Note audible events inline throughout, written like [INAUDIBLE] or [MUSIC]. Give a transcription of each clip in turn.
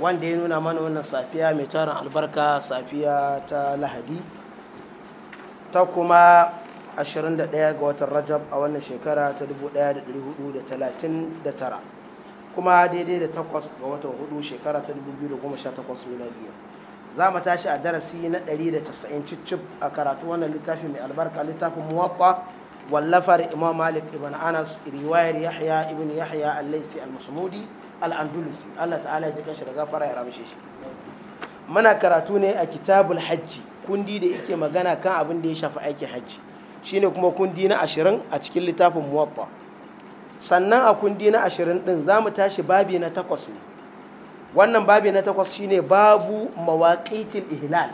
wanda ya nuna mana wannan safiya mai tarin albarka safiya ta lahadi ta kuma 21 ga watan rajab a wannan shekara ta 1439 kuma daidai da 8 ga watan 4 shekara ta 2018 miladiya za mu tashi a darasi na 190 cicip a karatu wannan littafi mai albarka littafin muwakwa wallafar imam malik ibn anas riwayar yahya ibn yahya al-laythi al-masmudi al al masmudi al al’andulus Allah ta'ala ya jikan shi da fara ya ramshe shi muna karatu ne a kitabul hajji kundi da yake magana kan abin da ya shafi aikin hajji shine kuma kundi na ashirin a cikin littafin muwabba sannan a kundi na ashirin din za mu tashi babi na takwas ne wannan babi na takwas shine babu mawaƙitil ihlal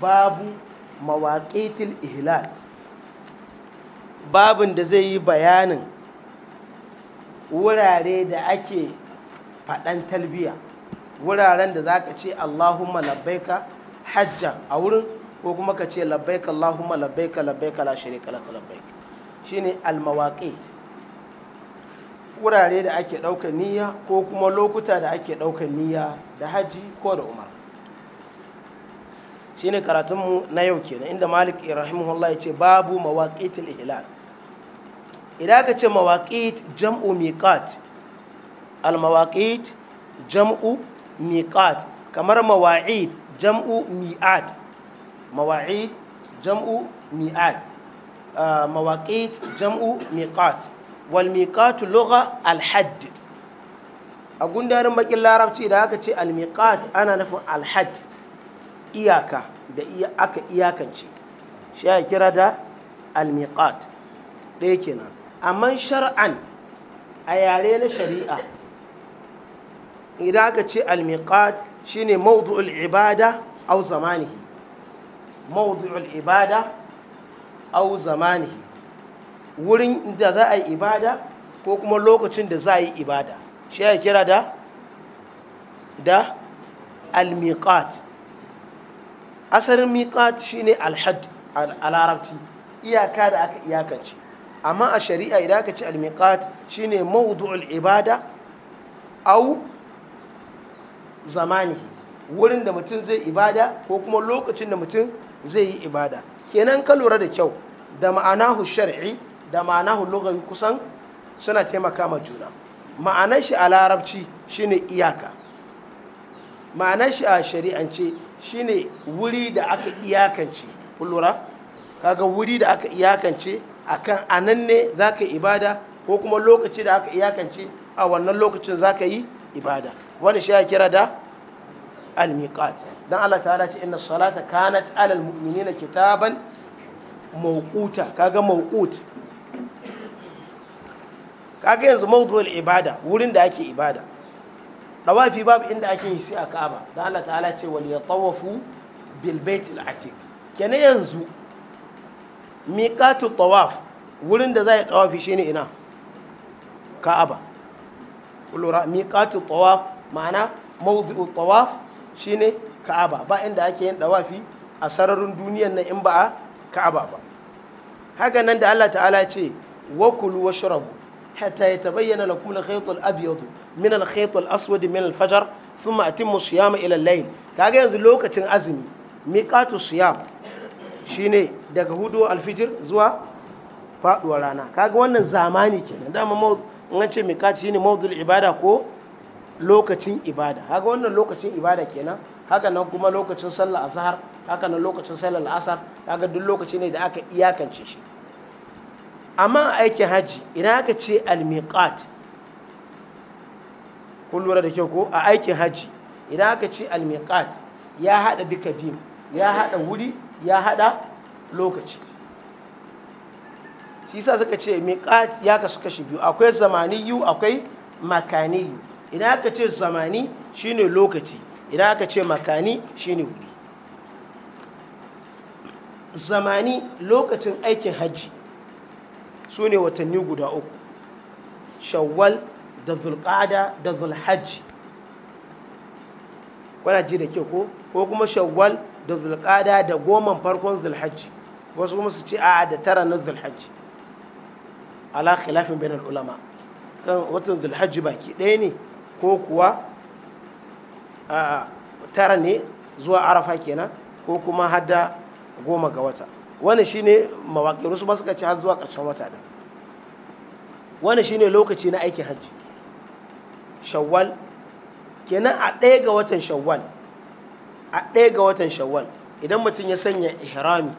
babu mawaƙitin ihlal babin da zai yi bayanin wurare da ake faɗan talbiya wuraren da za ka ce allahumma labbaika hajja a wurin ko kuma ka ce labbaika allahumma labbaika labbaika la shirika laka labbaika shine wurare da ake ɗaukar niyya ko kuma lokuta da ake ɗaukar niyya da hajji ko da umar shine karatunmu na yau kenan inda malik rahimahullah ya ce babu mawaqitil ihlal idan ka ce mawaqit jam'u miqat al jam'u miqat kamar mawa'id jam'u mi'ad mawa'id jam'u mi'ad ah, mawaqit jam'u miqat wal miqat lugha al hadd a gundarin bakin larabci da aka ce al miqat ana nufin al hadd iyaka da aka iyakance shi ya kira da al miqat ɗaya kenan amma shar'an a yare na shari'a idan aka ce al-miqat shine mawdu'ul ibada aw zamanihi mawdu'ul ibada aw zamanihi wurin da za a yi ibada ko kuma lokacin da za a yi ibada shi ya kira da da al-miqat asarin miqat shine al-hadd al iyaka da aka iyakance amma a shari'a idan aka ce al-miqat shine mawdu'ul ibada aw zamani wurin da mutum zai ibada ko kuma lokacin da mutum zai yi ibada kenan ka lura da kyau da ma'anahu shari'i da ma'anahu lugawi kusan suna taimaka ma juna ma'anar shi a larabci shine iyaka ma'anar shi a shari'ance shine wuri da aka iyakance lura kaga wuri da aka iyakance akan anan ne zaka ibada ko kuma lokaci da aka iyakance a wannan lokacin zaka yi ibada wani shi ya kira da al-miqat dan Allah ta'ala ce inna salata kanat alal mu'minina kitaban mawquta kaga mawqut kaga yanzu mawdu'ul ibada wurin da ake ibada dawafi babu inda ake yi sai a Ka'aba dan Allah ta'ala ce wal yatawafu bil baitil atiq Kene yanzu miqatu tawaf wurin da zai dawafi shine ina Ka'aba kullura miqatu tawaf ma'ana mawdu'u tawaf shine ka'aba ba inda ake yin dawafi a sararin duniyar nan in ba a ka'aba ba haka nan da Allah ta'ala ce wa kulu washrabu hatta yatabayyana lakum al-khayt al-abyad min al-khayt al-aswad min al-fajr thumma atimmu siyama ila al-layl kaga yanzu lokacin azumi miqatu siyam shine daga hudu al-fijr zuwa faduwar rana kaga wannan zamani kenan dama in an ce miqat shine mawdu'ul ibada ko lokacin ibada haka wannan lokacin ibada kenan haka nan kuma lokacin sallar azhar haka nan lokacin sallar asar haka duk lokaci ne da aka iyakance shi amma aikin hajji idan aka ce almiqat kun lura da kyau ko a aikin hajji idan aka ce al-miqat ya hada duka biyu ya hada wuri ya hada lokaci shi yasa suka ce miqat ya kasu kashi biyu akwai zamaniyu akwai makaniyu idan aka ce zamani shine lokaci idan aka ce makani shine wuri zamani lokacin aikin hajji su ne watanni guda uku shawwal da zulqada da zulhajji kwana ji da ke ko ko kuma shawwal da zulqada da goman farkon zulhajji wasu kuma su ce a da tara na zulhajji ala khilafin bainal ulama kan watan zulhajji baki ɗaya ne ko kuwa tara ne zuwa arafa kenan ko kuma hada goma ga wata wani shine mawaƙiru su ba suka ci har zuwa ƙarshen wata ɗin wani shine lokaci na aikin hajji shawwal kenan a ɗaya ga watan shawwal a ɗaya ga watan shawwal idan mutum ya sanya ihrami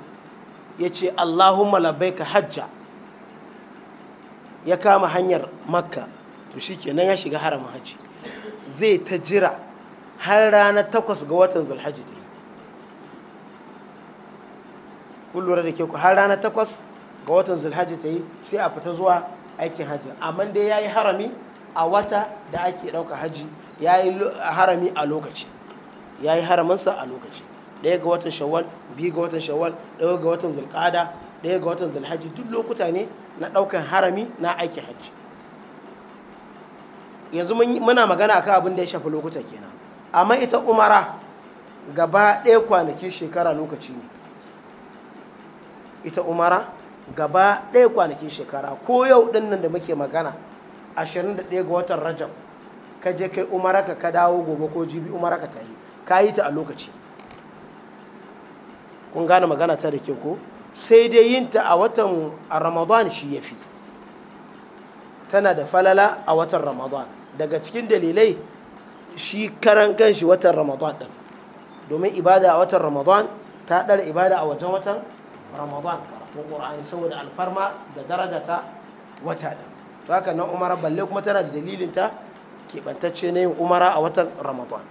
ya ce allahumma ka hajja ya kama hanyar makka to shi kenan ya shiga haramin hajji zai ta jira har ranar takwas ga watan zulhaji ta yi kun lura da ke ku har ranar takwas ga watan zulhaji ta yi sai a fita zuwa aikin hajji amma dai ya yi harami a wata da ake ɗauka hajji ya yi harami a lokaci ya yi haramansa a lokaci ɗaya ga watan shawwal biyu ga watan shawwal ɗaya ga watan zulƙada ɗaya ga watan zulhaji duk lokuta ne na ɗaukan harami na aikin hajji yanzu muna magana akan abin da ya shafi lokuta kenan amma ita umara gaba ɗaya kwanakin shekara lokaci ne ita umara gaba ɗaya kwanakin shekara ko yau ɗin nan da muke magana 21 ga watan rajab ka je kai umaraka ka dawo gobe ko jibi umaraka ka tayi ka yi ta a lokaci kun gane magana ta da ke ko sai dai yin ta a watan ramadan shi ya fi tana da falala a watan ramadan daga cikin dalilai shi karan ganshi watan ramadan ɗin domin ibada a watan ramadan ta ɗara ibada a wajen watan ramadan karatun ƙur'ani saboda alfarma da daraja ta wata ɗin to haka nan umara balle kuma tana da dalilin ta keɓantacce na yin umara a watan ramadan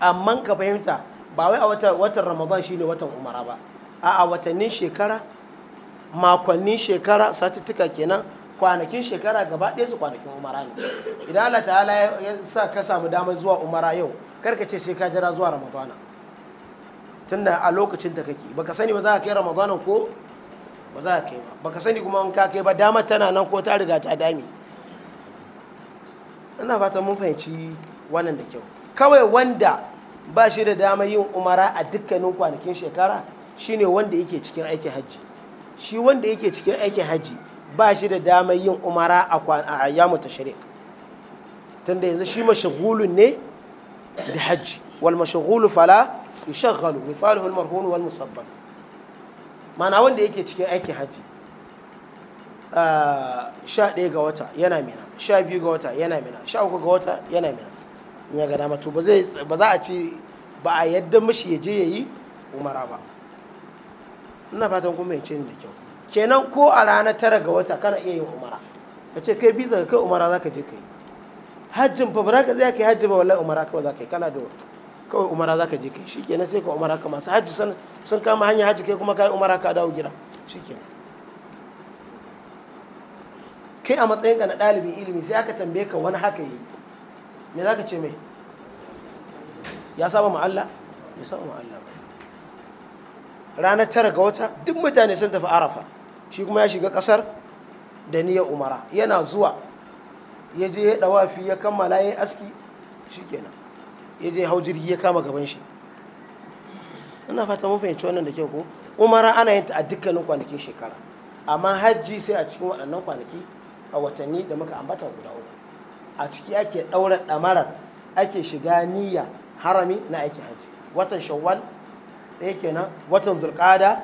amma ka fahimta ba wai a watan ramadan shine watan umara ba a'a watannin shekara makonnin shekara satuttuka kenan kwanakin shekara gaba ɗaya su kwanakin umara ne idan Allah ta'ala ya sa ka samu damar zuwa umara yau karka ce sai ka jira zuwa ramadana tunda a lokacin ta kake baka sani ba za ka kai ramadana ko ba za ka kai ba baka sani kuma in ka kai ba dama tana nan ko ta riga ta dami. ina fatan mun fahimci wannan da kyau kawai wanda ba shi da damar yin umara a dukkanin kwanakin shekara shine wanda yake cikin aikin hajji shi wanda yake cikin aikin hajji ba shi da damar yin umara a ayyamu tashrik tunda yanzu shi mashagulun ne da hajji wal mashagulu fala yushaghalu misaluhu al marhun wal musabbal mana wanda yake cikin aikin hajji sha ɗaya ga wata yana mina sha biyu ga wata yana mina sha uku ga wata yana mina ya ga dama to ba za a ce ba a yadda mashi ya je ya yi umara ba ina fatan kuma ya ce ni da kyau kenan ko a ranar tara ga wata kana iya yin umara ka ce kai biza kai umara za ka je kai hajjin fa ba za ka tsaya kai hajji ba wallahi umara kawai za ka yi kana da kawai umara za ka je kai shi kenan sai ka umara ka masu hajji sun kama hanyar hajji kai kuma ka yi umara ka dawo gida shi kenan kai a matsayin ka na ɗalibin ilimi sai aka tambaye ka wani haka yi me za ka ce mai ya saba ma Allah ya saba ma Allah ranar tara ga wata duk mutane sun tafi arafa shi kuma ya shiga kasar da niyyar umara yana zuwa ya je ya dawafi ya kammala ya aski kenan ya je hau jirgi ya kama gaban shi ina fata mun fahimci wannan da kyau ko umara ana yin ta a dukkanin kwanakin shekara amma hajji sai a cikin waɗannan kwanaki a watanni da muka ambata guda uku a ciki ake ɗaura ɗamarar ake shiga niyya harami na aikin hajji watan shawwal ɗaya kenan watan zulƙada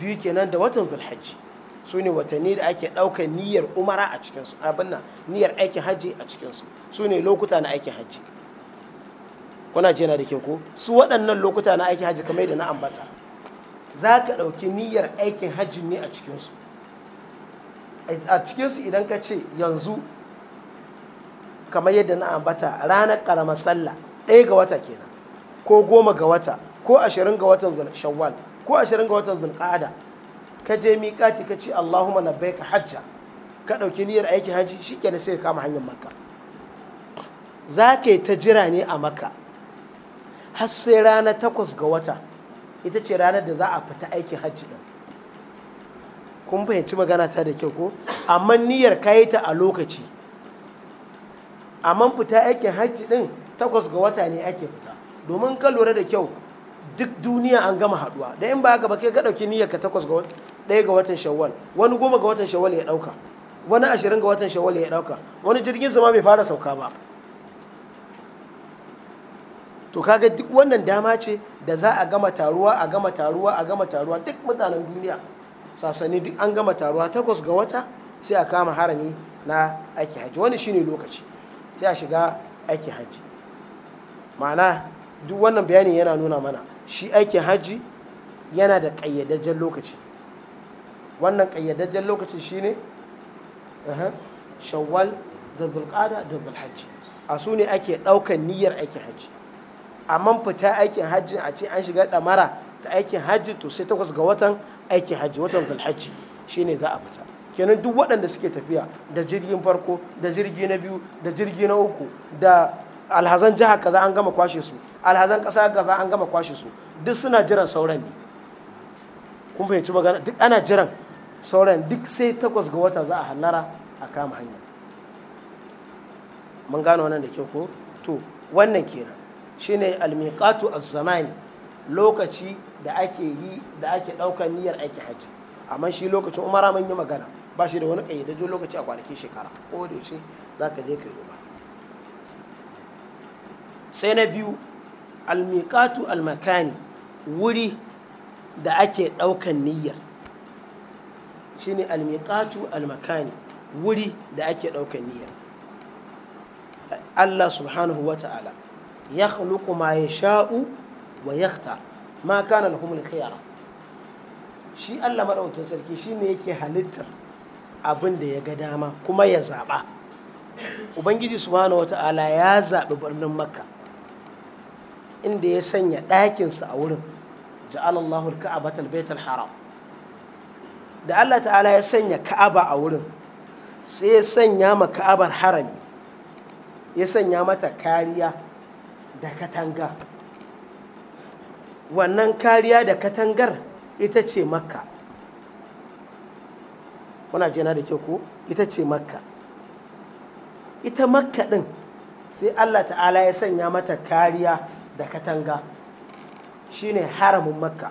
biyu kenan da watan zulhajji su ne watanni da ake ɗaukar niyyar umara a cikinsu abin nan niyyar aikin hajji a cikinsu su ne lokuta na aikin hajji kuna ce na da ke ko su waɗannan lokuta na aikin hajji kamar da na ambata za ka ɗauki niyyar aikin hajji ne a cikinsu a cikinsu idan ka ce yanzu kamar yadda na ambata ranar ƙaramar sallah ɗaya ga wata kenan ko goma ga wata ko ashirin ga watan shawwal ko ashirin ga watan zulƙada ka je miƙati ka ce Allahumma ka hajja ka ɗauki niyyar aikin hajji shikenan sai ka kama hanyar makka za ka yi ta jira ne a makka har sai rana takwas ga wata ita ce ranar da za a fita aikin hajji ɗin kun fahimci magana ta da kyau ko amma niyyar ka yi ta a lokaci amma fita aikin hajji ɗin takwas ga wata ne ake fita domin ka lura da kyau duk duniya an gama haduwa da in ba haka ba kai ka dauki niyyar ka takwas ga wata ɗaya ga watan shawwal wani goma ga watan shawwal ya ɗauka wani ashirin ga watan shawwal ya ɗauka wani jirgin sama bai fara sauka ba to kaga duk wannan dama ce da za a gama taruwa a gama taruwa a gama taruwa duk mutanen duniya sasani duk an gama taruwa takwas ga wata sai a kama harami na aiki hajji wani shine lokaci sai a shiga aiki hajji ma'ana duk wannan bayanin yana nuna mana shi aikin hajji yana da ƙayyadajjen lokaci wannan ƙayyadajjen lokaci shine shawwal da zulƙada da zulhajji a su ne ake ɗaukan niyyar aikin hajji amma fita aikin hajji a ce an shiga ɗamara ta aikin hajji to sai takwas ga watan aikin hajji watan zulhajji shine za a fita kenan duk waɗanda suke tafiya da jirgin farko da jirgi na biyu da jirgi na uku da alhazan jihar kaza an gama kwashe su alhazan ƙasa kaza an gama kwashe su duk suna jiran sauran ne kun fahimci magana duk ana jiran sauran duk sai takwas ga wata za a hallara a kama hanya mun gano wannan da ke ko to wannan kenan shine almiqatu az-zamani lokaci da ake yi da ake daukar niyyar aiki haji amma shi lokacin umara mun yi magana ba shi da wani kayyadajjen lokaci a kwanakin shekara ko da yaushe ka je ka yi sai na biyu almiqatu almakani wuri da ake daukan niyyar shine almiqatu almakani wuri da ake ɗaukar niyya Allah subhanahu wa ta'ala ya khluqu ma yasha'u wa yakhta ma kana lahum al shi Allah madaukakin sarki shine yake halittar abin da ya ga dama kuma ya zaba ubangiji subhanahu wa ta'ala ya zaɓi birnin makka inda ya sanya ɗakinsa a wurin ja'alallahu al-ka'abatal haram da Allah ta'ala ya sanya ka'aba a wurin sai ya sanya ma ka'abar harami ya sanya mata kariya da katanga wannan kariya da katangar ita ce makka wana jina da ke ko ita ce makka ita makka ɗin sai allah ta'ala ya sanya mata kariya da katanga shine haramin makka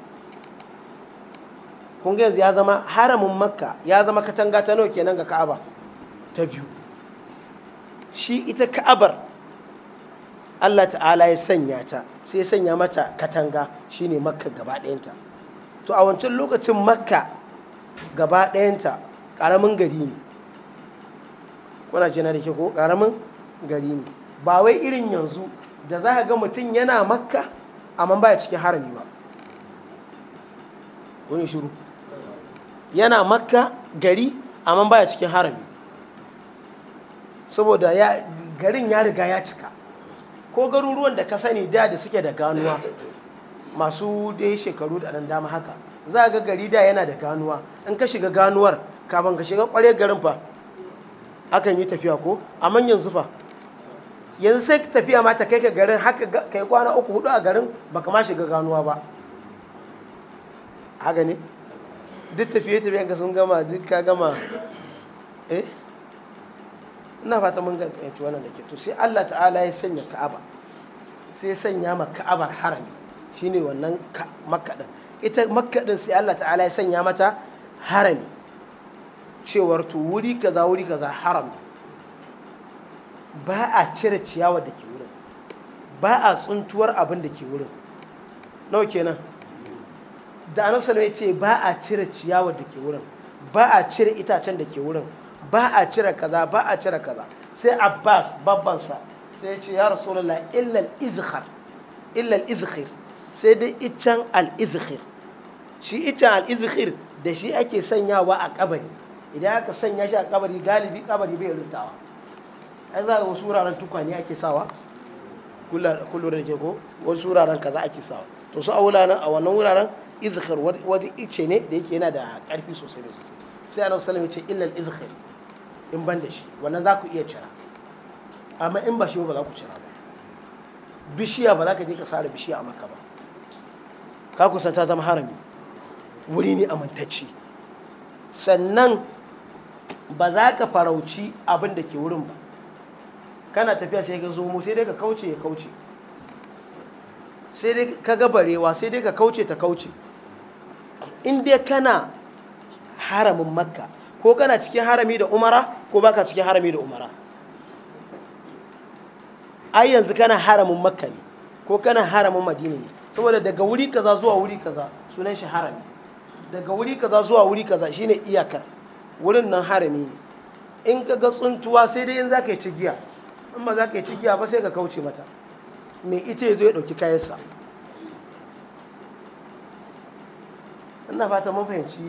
kun yanzu ya zama haramin makka ya zama katanga ta nawa kenan ga ka'aba ta biyu shi ita ka'abar Allah ta'ala ya sanya ta sai ya sanya mata katanga shine makka gaba ɗayanta to a wancan lokacin makka gaba ɗayanta ƙaramin gari ne kuna jina da ke ko ƙaramin gari ne ba wai irin yanzu da za ka ga mutum yana makka amma baya cikin harami ba wani shiru yana makka gari amma baya cikin harami saboda garin ya riga ya cika ko garuruwan da ka sani da da suke da ganuwa masu dai shekaru da nan dama haka za ga gari da yana da ganuwa in ka shiga ganuwar kafin ka shiga kwarar garin fa akan yi tafiya ko amma yanzu zufa yanzu sai tafiya ma ta kai ka garin haka kai kwana uku hudu a garin baka ma shiga ganuwa ba haka ne duk tafiye-tafiyen ka sun gama duk ka gama eh ina fata mun fahimci wannan da ke to sai Allah ta'ala ya sanya ka'aba sai ya sanya ma ka'abar harami shine wannan makka ita makka sai Allah ta'ala ya sanya mata harami cewar to wuri kaza wuri kaza haram ba a cire ciyawa da ke wurin ba a tsuntuwar abin da ke wurin nawa kenan da anan salama ya ce ba a cire ciyawar da ke wurin ba a cire itacen da ke wurin ba a cire kaza ba a cire kaza sai abbas babbansa sai ya ce ya rasulallah illal izhar illal izhir sai dai iccen al izhir shi iccen al izhir da shi ake sanyawa a kabari idan aka sanya shi a kabari galibi kabari bai rubtawa ai za ga wasu wuraren tukwane ake sawa kullum da ke ko wasu wuraren kaza ake sawa to su a wuraren a wannan wuraren izhir wani ice ne da yake yana da karfi sosai da sosai sai annabi sallallahu alaihi wasallam ya ce illal izhir in ban da shi wannan za ku iya cira amma in ba shi ba za ku cira ba bishiya ba za ka je ka sare bishiya a maka ba ka kusan ta zama harami wuri ne amintacci sannan ba za ka farauci abin da ke wurin ba kana tafiya sai ka zo mu sai dai ka kauce ya kauce sai dai ka gabarewa sai dai ka kauce ta kauce in dai kana haramin makka ko kana cikin harami da umara ko baka cikin harami da umara ai yanzu kana haramin makka ne ko kana haramin madina ne saboda daga wuri kaza zuwa wuri kaza sunan shi harami daga wuri kaza zuwa wuri kaza shine iyakar wurin nan harami ne in ka ga tsuntuwa sai dai in za ka yi cigiya in ba za ka yi cigiya ba sai ka kauce mata mai ita ya zo ya ɗauki kayansa ina fata mun fahimci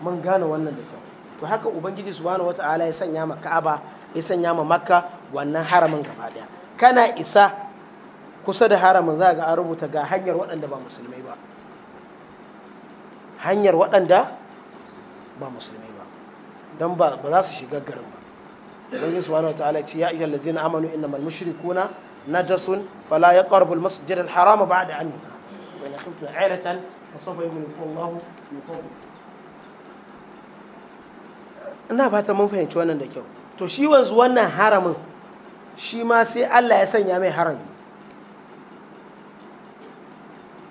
mun gane wannan da kyau to haka ubangiji subhanahu wata'ala ya sanya ma ka'aba ya sanya ma makka wannan haramin gaba daya kana isa kusa da haramin za ga an rubuta ga hanyar waɗanda ba musulmai ba hanyar waɗanda ba musulmai ba don ba za su shiga garin ba ubangiji subhanahu wata'ala ce ya ayyuhal ladzina amanu innamal mushrikuna najasun fala yaqrabu al-masjid al-harama ba'da an wa in khiftum 'ailatan asaba yumliku Allahu min ina fata mun fahimci wannan da kyau to shi wanzu wannan haramin shi ma sai Allah ya sanya mai harami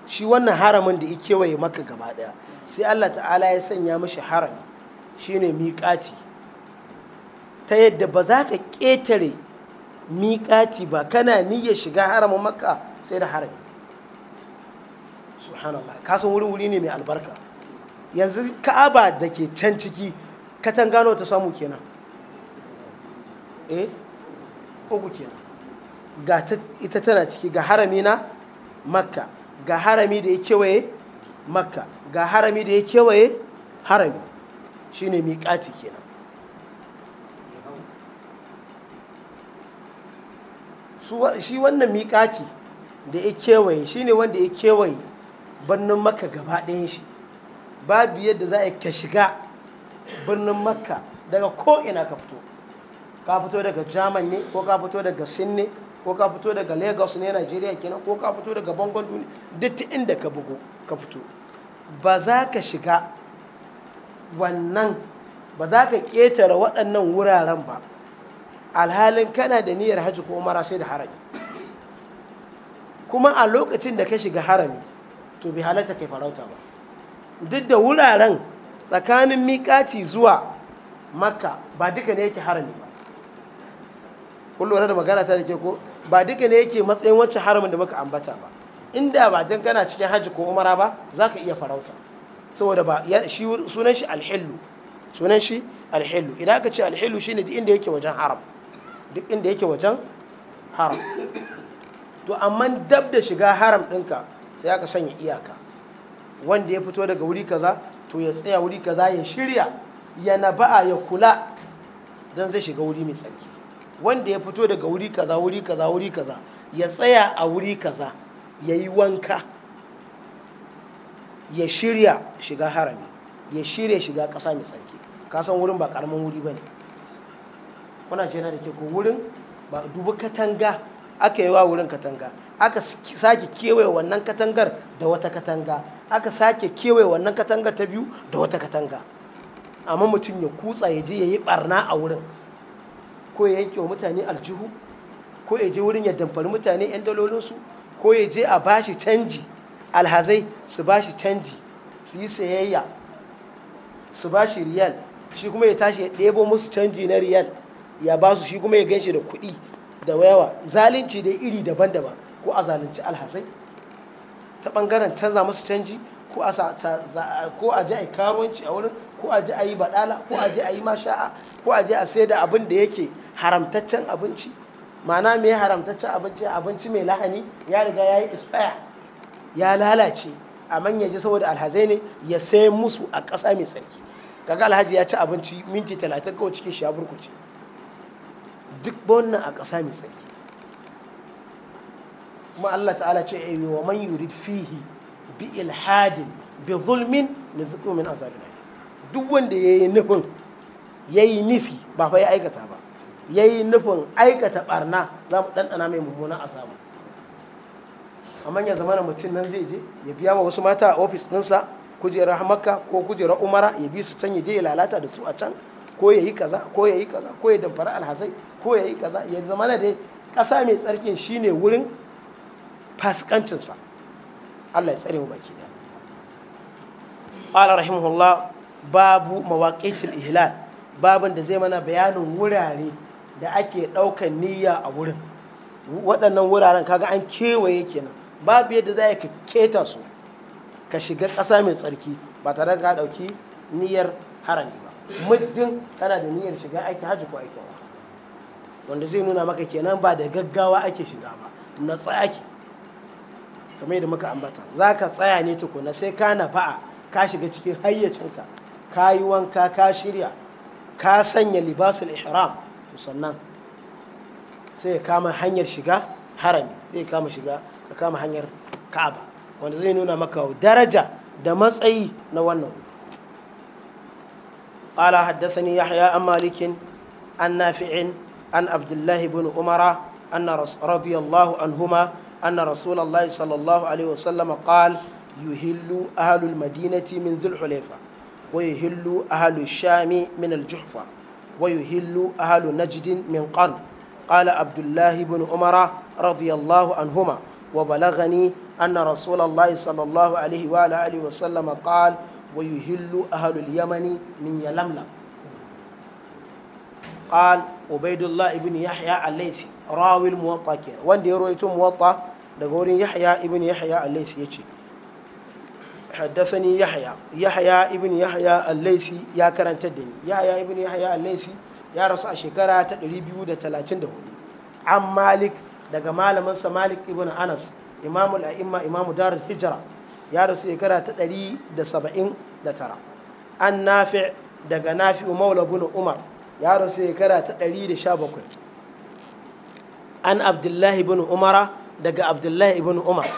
shi wannan haramin da ya kewaye maka gaba daya sai Allah ta'ala ya sanya mashi harami shi ne miƙati ta yadda ba za ka ƙetare miƙati ba kana niyyar shiga haramin maka sai da harami subhanallah kasan wuri wuri ne mai albarka yanzu ka'aba da ke can ciki katan gano ta samu kenan eh uku kenan ga ita tana ciki ga harami na makka ga harami da ya kewaye makka ga harami da ya kewaye harami shine miƙati kenan shi wannan miƙati da ya kewaye shine wanda ya kewaye birnin makka gaba ɗayan shi babu yadda za a ka shiga birnin makka daga ko'ina ka fito ka fito daga jamani ne ko ka fito daga sin ko ka fito daga lagos ne nigeria kenan ko ka fito daga bangon duniya duk inda ka bugu ka fito ba za ka shiga wannan ba za ka ƙetare waɗannan wuraren ba alhalin kana da niyyar hajji ko mara sai da harami kuma a lokacin da ka shiga harami to bi halatta kai farauta ba duk da wuraren tsakanin miƙaci zuwa makka ba duka ne yake harami ba kullum da magana ta da ke ko ba duka ne yake matsayin wancan haramin da muka ambata ba inda ba don kana cikin hajji ko umara ba za ka iya farauta saboda ba shi sunan shi alhillu sunan shi alhillu idan aka ce alhillu ne duk inda yake wajen haram duk inda yake wajen haram to amma dab da shiga haram ɗinka sai aka sanya iyaka wanda ya fito daga wuri kaza to ya tsaya wuri kaza ya shirya ya naba'a ya kula don zai shiga wuri mai tsarki wanda ya fito daga wuri kaza wuri kaza wuri kaza ya tsaya a wuri kaza ya yi wanka ya shirya shiga harami ya shirya shiga ƙasa mai tsarki kasan wurin ba ƙaramin wuri ba ne kuna ce da ke ko wurin ba dubu katanga aka yi wa wurin katanga aka sake kewaye wannan katangar da wata katanga aka sake kewaye wannan katanga ta biyu da wata katanga amma mutum ya kutsa ya je ya yi barna a wurin ko ya yanke wa mutane aljihu ko ya je wurin ya damfari mutane 'yan dalolinsu ko ya je a ba shi canji alhazai su ba shi canji su yi sayayya su ba shi riyal shi kuma ya tashi ya ɗebo musu canji na riyal ya ba su shi kuma ya ganshi da kuɗi da yawa zalunci da iri daban-daban ko a zalunci alhazai ta bangaren canza musu canji ko a je a yi karuwanci a wurin ko a ji a yi baɗala ko a ji a yi masha'a ko a ji a sai da abin da yake haramtaccen abinci mana mai haramtaccen abinci abinci mai lahani ya riga ya yi ispaya ya lalace a manya ji saboda alhazai ne ya sai musu a ƙasa mai tsarki kaga alhaji ya ci abinci minti talatin kawai cikin shi ya burkuce duk wannan a ƙasa mai tsarki kuma Allah ta'ala ce ayi wa man yurid fihi bi ilhadin bi zulmin nuzuqu min azabin duk wanda yayi nufin yayi nufi ba fa ya aikata ba yayi nufin aikata barna za mu dandana mai mummuna azaba amma ya zama na mutum nan zai je ya biya wa wasu mata a ofis ɗinsa kujerar makka ko kujerar umara ya bi su can ya je ya lalata da su a can ko ya yi kaza ko ya yi kaza ko ya damfara alhazai ko ya yi kaza ya zama na dai ƙasa mai tsarkin shine wurin fasikancinsa Allah ya tsare mu baki da qala rahimahullah babu mawaqitil ihlal babin da zai mana bayanin wurare da ake ɗaukan niyya a wurin waɗannan wuraren kaga an kewaye kenan babu yadda za ka keta su ka shiga ƙasa mai tsarki ba tare da ka ɗauki niyyar harami ba muddin kana da niyyar shiga aiki hajji ko aikin wanda zai nuna maka kenan ba da gaggawa ake shiga ba na tsaki kamar yadda muka ambata za ka tsaya ne tukuna sai ka nafa'a ka shiga cikin hayyacinka ka yi wanka ka shirya ka sanya libasul ihram sannan sai ya kama hanyar shiga harami sai ya kama shiga ka kama hanyar ka'aba wanda zai nuna maka daraja da matsayi na wannan قال حدثني يحيى عن مالك عن نافع عن عبد الله بن عمر أن رضي الله عنهما أن رسول الله صلى الله عليه وسلم قال يهل أهل المدينة من ذي الحليفة ويهل أهل الشام من الجحفة ويهل أهل نجد من قرن قال عبد الله بن عمر رضي الله عنهما وبلغني أن رسول الله صلى الله عليه وآله وسلم قال ويهل أهل اليمن من يلملم قال عبيد الله بن يحيى الليثي راوي الموطأ كير وان دي رويته موطأ daga wurin yahya ibn yahya al-laysi yace haddathani yahya yahya ibn yahya al-laysi ya karanta da ni yahya ibn yahya al-laysi ya rasu a shekara ta 234 an malik daga malamin sa malik ibn anas imamu al-a'imma imamu darul hijra ya rasu shekara ta 179 an nafi' daga nafi'u maula bin umar ya rasu shekara ta 117 an abdullahi bin umara daga abdullahi ibn umar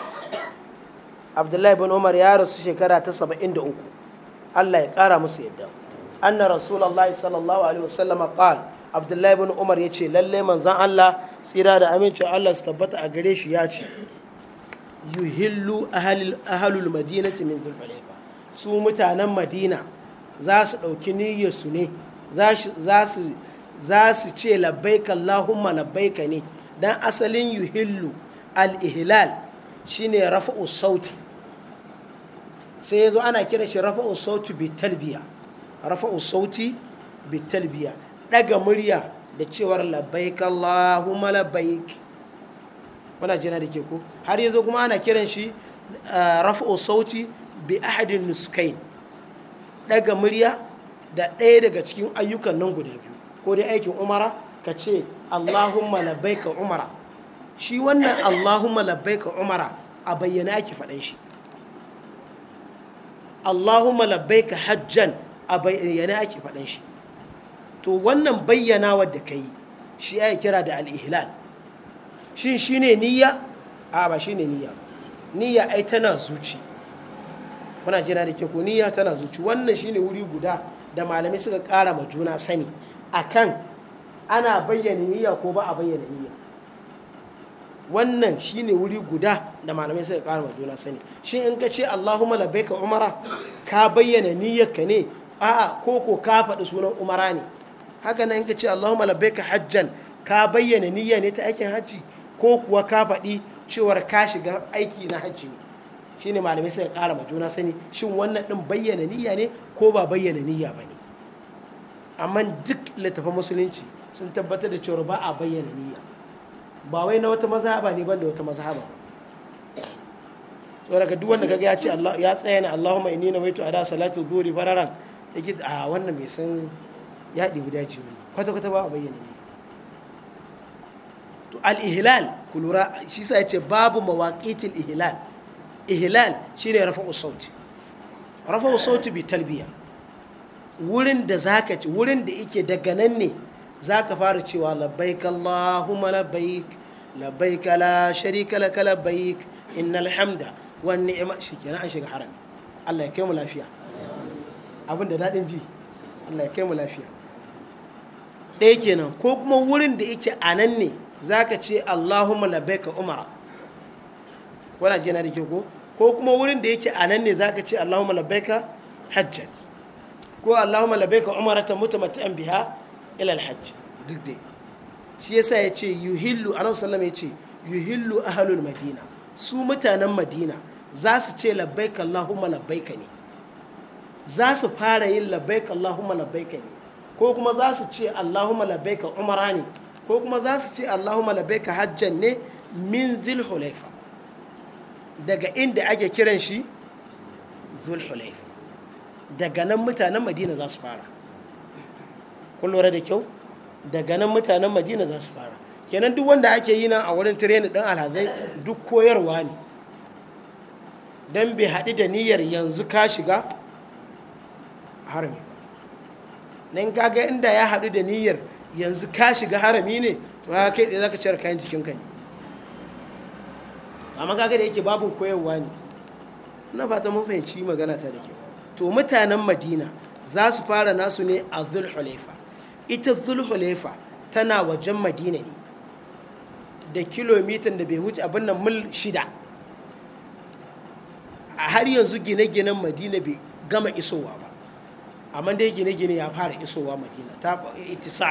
abdullahi ibn umar ya rasu shekara ta saba'in da uku allah ya kara musu yadda anna rasulallahi sallallahu alaihi wasallam qal abdullahi ibn umar ya ce lalle manzan allah tsira da amincin allah su tabbata a gare shi ya ce yuhillu ahalul madinati min su mutanen madina za su ɗauki niyyarsu ne za su ce labbaika allahumma labbaika ne dan asalin yuhillu al shi ne rafa'u sauti sai yazo ana kiran shi rafa'u sauti bi talbiya rafa'u sauti bi talbiya daga murya da cewar labbaik allahumma labbaik wannan jina da ke ko har yanzu kuma ana kiran shi eh, rafa'u sauti bi ahadin nuskain daga murya da ɗaya daga cikin ayyukan nan guda biyu ko dai aikin umara ka ce allahumma labbaika umara shi wannan Allahumma ka umara a bayyana ake faɗin shi Allahumma ka hajjan a bayyana ake faɗan shi to wannan bayyana wadda ka yi, shi ya kira da al’ihilal Shin shi ne niyya a ba shi ne niyya niyya ai tana zuci kuna jina da ke ko niyya tana zuci wannan shi ne wuri guda da malamai suka kara ma juna sani A kan ana bayyana niyya ko ba a bayyana niyya wannan shine wuri guda da malamai suka ƙara wa juna sani shi in ka ce Allahumma labbaika umara ka bayyana ka ne a'a ko ka faɗi sunan umara ne haka nan in ka ce Allahumma labbaika hajjan ka bayyana niyya ne ta aikin hajji ko kuwa ka faɗi cewar ka shiga aiki na hajji ne Shi ne malamai suka ƙara juna sani shin wannan ɗin bayyana niyya ne ko ba bayyana niyya ba ne amma duk littafin musulunci sun tabbatar da cewar ba a bayyana niyya ba wai na wata mazhaba ne ban da wata mazhaba so daga duk wanda kaga ya ce Allah ya tsaya na Allahumma inni nawaitu ada salatu dhuhri fararan yake a wannan mai san ya dibi daji wani kwata kwata ba a bayyana ne to al ihlal kulura shi sa yace babu mawaqitil ihlal ihlal shine rafa'u sauti rafa'u sauti bi talbiya wurin da zaka ci wurin da yake daga nan ne za ka fara cewa labbaik Allahumma labbaik labbaik la sharika laka labbaik innal hamda wan ni'ma shikenan an shiga harami Allah ya kai mu lafiya abin da dadin ji Allah ya kai mu lafiya ɗaya kenan ko kuma wurin da yake anan ne ka ce Allahumma labbaik Umar? wala jina da ke ko ko kuma wurin da yake anan ne ka ce Allahumma labbaik hajjan ko Allahumma labbaik umaratan mutamatti'an biha ilal hajj duk dai shi yasa ya ce yuhillu anan sallama ya ce yuhillu ahalul madina su mutanen madina za su ce labbaik allahumma labbaik ne za su fara yin labbaik allahumma labbaik ne ko kuma za su ce allahumma labbaik umara ne ko kuma za su ce allahumma labbaik hajjan ne min zil hulaifa daga inda ake kiran shi zul hulaifa daga nan mutanen madina za su fara kun lura da kyau daga nan mutanen madina za su fara kenan duk wanda ake yi nan a wurin tireni ɗin alhazai duk koyarwa ne don bai haɗu da niyyar yanzu ka shiga harami nan kaga inda ya haɗu da niyyar yanzu ka shiga harami ne to haka kai tsaye za ka cire kayan jikinka ne amma kaga da yake babu koyarwa ne na fata mun fahimci magana ta da kyau to mutanen madina za su fara nasu ne a zulhulaifa ita zulhulefa tana wajen madina ne da kilomitan da bai wuce abin nan mil shida a har yanzu gine-ginen madina bai gama isowa ba amma dai gine-gine ya fara isowa madina ta itisa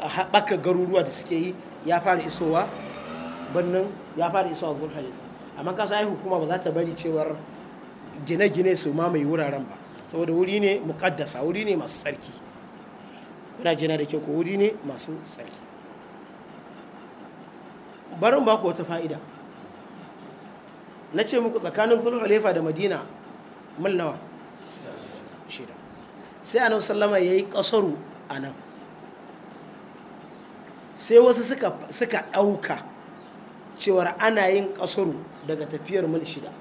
a haɓaka garuruwa da suke yi ya fara isowa birnin ya fara isowa zulhulefa amma kasa ya hukuma ba za ta bari cewar gine-gine su mamaye wuraren ba saboda wuri ne mukaddasa wuri ne masu tsarki na jina da ke ku wuri ne masu tsarki barin ba ku wata fa'ida na ce muku tsakanin alifa da madina mil nawa shida sai annabi sallama ya yi ƙasaru a nan sai wasu suka ɗauka cewar ana yin ƙasaru daga tafiyar mil shida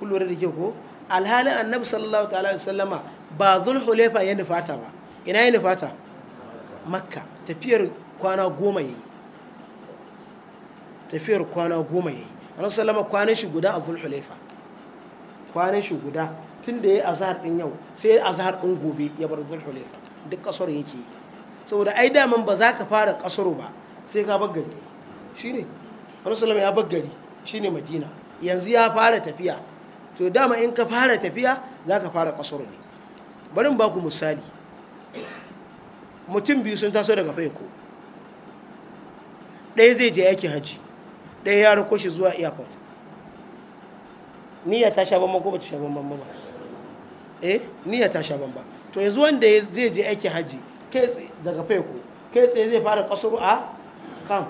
kullum da ke ko alhalin annabi sallallahu ta'ala sallama ba zulhulefa ya nufata ba ina yi nufata makka tafiyar kwana goma ya yi tafiyar kwana goma ya yi annabi salama kwanan shi guda a zulhulaifa kwanan shi guda tun da ya yi azahar ɗin yau sai azahar ɗin gobe ya bar zulhulaifa duk kasar yake yi saboda ai daman ba za ka fara kasar ba sai ka bar gari shine annabi salama ya bar gari shine madina yanzu ya fara tafiya to dama in ka fara tafiya za ka fara kasar ne bari ba ku misali mutum biyu sun taso daga faiko ɗaya zai je aikin hajji ɗaya ya rako shi zuwa airport niyya ta sha bamban ko ba ta sha bamban ba eh niyya ta sha bamban to yanzu wanda zai je aikin hajji kai tsaye daga faiko kai tsaye zai fara kasuru a kam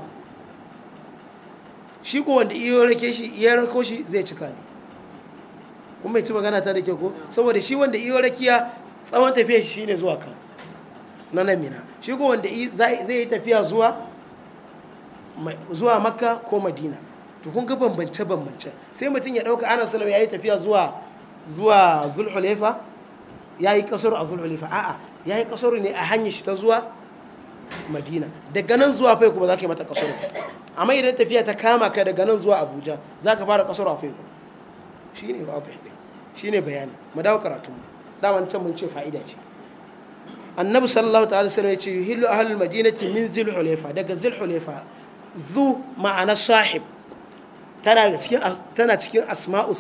shi ko wanda iyo rake shi iya rako shi zai cika ne kuma ya ci magana ta da ke ko saboda shi wanda iyo rakiya tsawon tafiya shi ne zuwa kan na namina shi ko wanda zai yi tafiya zuwa zuwa makka ko madina to kun ga bambance bambance sai mutum ya dauka ana salama ya yi tafiya zuwa zuwa zulhulefa ya yi kasar a zulhulefa a'a ya yi kasar ne a hanyar shi ta zuwa madina daga nan zuwa fai kuma za ka yi mata kasar amma idan tafiya ta kama ka daga nan zuwa abuja za ka fara kasar a fai kuma shi ne ba ta shi ne bayani mu dawo karatunmu daman can mun ce fa'ida ce annabi sallallahu ta'ala sallam ya ce yuhillu ahlul madinati min zil daga zil hulaifa zu ma'ana sahib tana cikin asma'u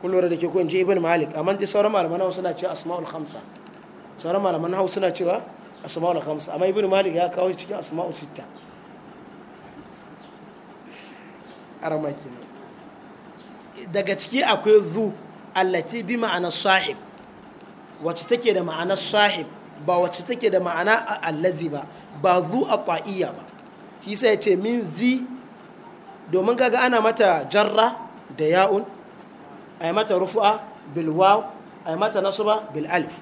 kun lura da ke ko ibn malik amma dai sauran malaman cewa asma'ul khamsa sauran malaman cewa asma'ul khamsa amma ibn malik ya kawo cikin asma'u sitta arama kenan daga ciki akwai zu allati bi ma'ana sahib wacce take da ma'ana sahib ba wacce take da ma'ana allazi ba ba zu a ta'iyya ba shi sai ya ce min zi domin kaga ana mata jarra da ya'un a mata rufu'a bil waw a mata nasuba bil alif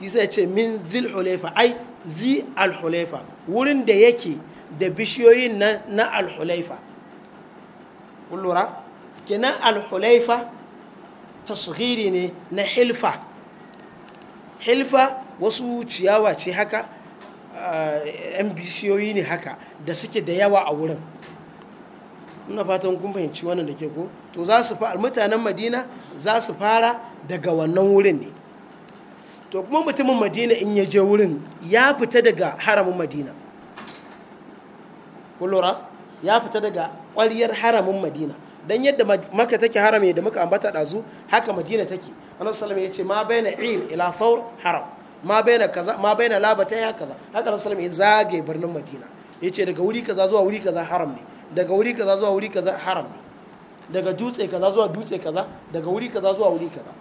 shi sai ya ce min zil hulefa ai zi al hulefa wurin da yake da bishiyoyin na al hulefa kullura kenan al hulefa tasghiri ne na hilfa hilfa wasu ciyawa ce haka eh, yan bishiyoyi ne haka da suke da yawa a wurin ina fatan kun fahimci wannan da ke ko to za su fara mutanen madina za su fara daga wannan wurin ne to kuma mutumin madina in ya je wurin ya fita daga haramin madina kullura ya fita daga ƙwariyar haramin madina dan yadda maka take haram da muka ambata dazu haka madina take annabi sallallahu ya ce ma baina il ila thawr haram ma baina kaza ma baina labata ya kaza haka annabi sallallahu ya zage birnin madina yace daga wuri kaza zuwa wuri kaza haram ne daga wuri kaza zuwa wuri kaza haram ne daga dutse kaza zuwa dutse kaza daga wuri kaza zuwa wuri kaza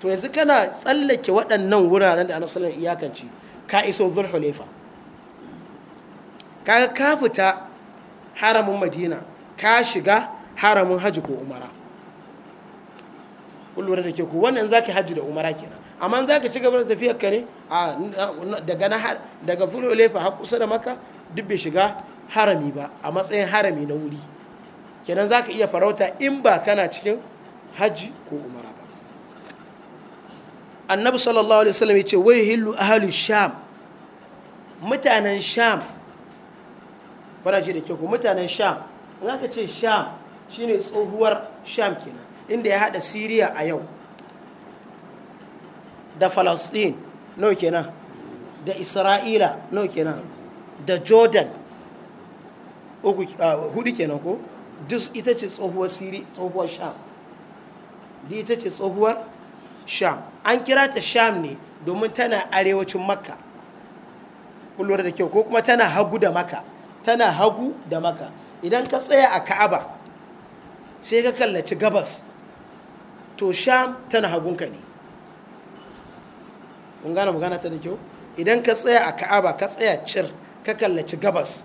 to yanzu kana tsallake waɗannan wuraren da annabi sallallahu iyakanci ka iso zulhulefa kaga ka fita haramin madina ka shiga haramin haji ko umara kullum da ke ku wannan za ka haji da umara kenan amma za ka ci gaba da tafiyar ka ne daga na daga fulo lefa har kusa da maka duk bai shiga harami ba a matsayin harami na wuri kenan za ka iya farauta in ba kana cikin haji ko umara ba annabi sallallahu alaihi wasallam ya ce wai hillu ahalu sham mutanen sham ce da ke ku mutanen sham za ka ce sham shine tsohuwar sham kenan inda ya hada siriya a yau da falastin nau kenan da isra'ila nau kenan da jordan ah, hudu kenan ko duk ita ce tsohuwar siri tsohuwar sham da ita ce tsohuwar sham an kira ta sham ne domin tana arewacin makka kullum da kyau ko kuma tana hagu da makka tana hagu da makka idan ka tsaya a ka'aba sai ka kallaci gabas to sham tana hagunka ne kun gane magana ta da kyau idan ka tsaya a ka'aba ka tsaya cir ka kallaci gabas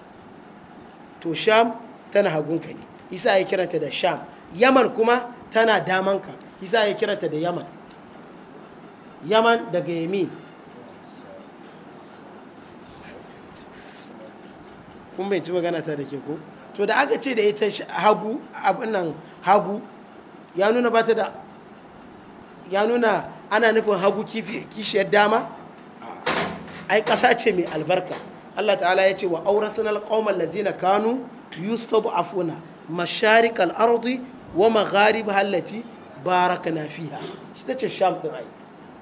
to sham tana hagunka ne isa ya kiranta da sham yaman kuma tana damanka isa ya kiranta da yaman yaman daga yami kun bai ci magana ta da ke ko to da aka ce da ita hagu abin hagu ya nuna ba ta da ya nuna ana nufin hagu kishiyar dama ai ƙasa ce mai albarka Allah ta'ala ya ce wa auratan alƙawmar lazina kanu yustabu afuna masharik al'ardi wa magharib hallati baraka na fiha shi ta ce sham ai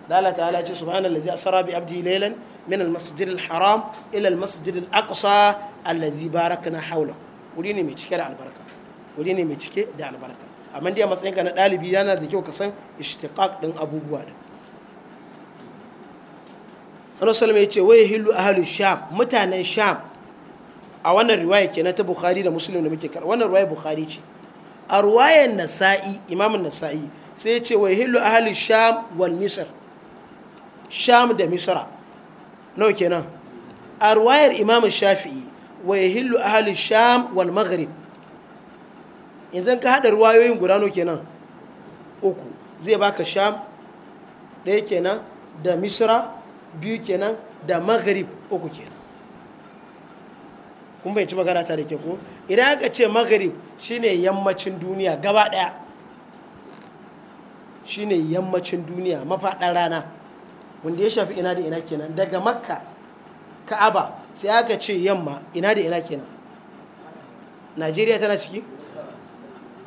da Allah ta'ala ya ce subhanan lazi asara bi abdi lailan min al-masjid al-haram ila al-masjid al-aqsa allazi barakna wuri ne mai cike da albarka wuri ne mai cike da albarka amma dai a matsayin ka na dalibi yana da kyau ka san ishtiqaq din abubuwa din Allah sallallahu ya ce wai hillu sham mutanen sham a wannan riwaya kenan ta Bukhari da Muslim da muke karanta wannan riwaya Bukhari ce a riwayar nasa'i imamun nasa'i sai ce wa hillu ahli sham wal misr sham da misra nawa kenan a riwayar imam shafi'i wa yahillu ahli sham wal in zan ka hada ruwayoyin guda kenan uku zai baka sham ɗaya kenan da misra biyu kenan da maghrib uku kenan kun bai ci magana ta da ke idan aka ce maghrib shine yammacin duniya gaba ɗaya shine yammacin duniya mafaɗa rana wanda ya shafi ina da ina kenan daga makka ka'aba sai aka ce yamma ina da ina kenan najeriya tana ciki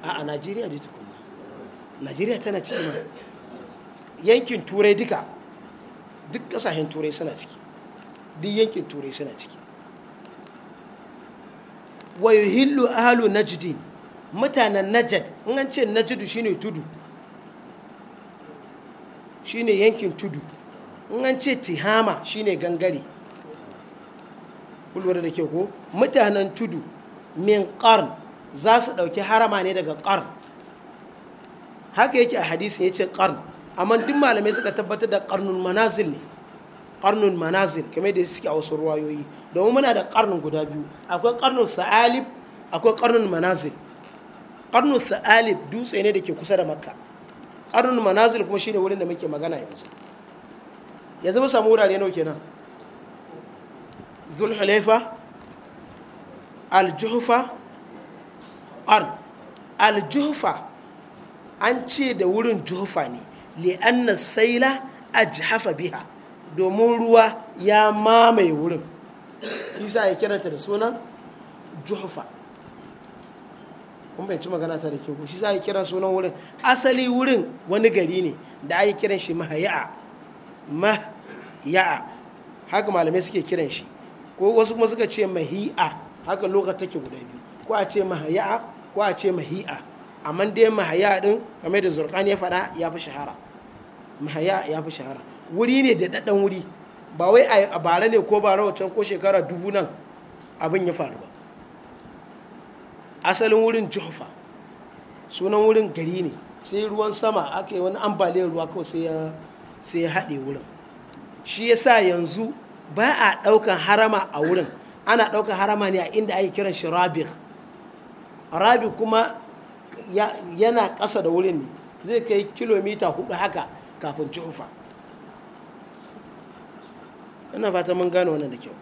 a najeriya da tukuna najeriya tana ciki ma yankin turai duka duk kasashen turai suna ciki duk yankin turai suna ciki wayo hillu ahalu najdin mutanen najad in an ce najidu shine tudu shine yankin tudu in an ce tihama shine gangare kulwar da ke ko mutanen tudu min qarn za su ɗauki harama ne daga qarn haka yake a hadisin ya ce qarn amma duk malamai suka tabbatar da qarnul manazil ne qarnul manazil kamar da suke a wasu ruwayoyi domin muna da qarnin guda biyu akwai qarnul sa'alib akwai qarnul manazil qarnul sa'alib dutse ne da ke kusa da makka qarnul manazil kuma shine wurin da muke magana yanzu yanzu mun samu wurare nawa kenan zulhulaifa aljuhufa ƙar aljuhufa an ce da wurin juhufa ne li'anna saila a jihafa biha domin ruwa ya mamaye wurin isa ya kiranta da sunan juhufa kuma yanci magana ta da ke ku shi sa ya kira sunan wurin asali wurin wani gari ne da ake kiran shi mahaya'a mahaya'a haka malamai suke kiran shi ko wasu kuma suka ce mahi'a haka lokacin take guda biyu ko a ce mahaya'a ko a ce mahi'a amma dai mahaya din kamar da zurkani ya fada ya fi shahara mahaya ya fi shahara wuri ne da daɗan wuri ba wai a bara ne ko bara wacan ko shekara dubu nan abin ya faru ba asalin wurin juhfa sunan wurin gari ne sai ruwan sama aka wani ambaliyar ruwa kawai sai ya haɗe wurin shi yasa yanzu ba a ɗaukan harama a wurin ana ɗaukan harama ne a inda ake kiran shi rabir rabi kuma yana ƙasa da wurin ne zai kai kilomita hudu haka kafin jufa ina fata mun gane wannan da kyau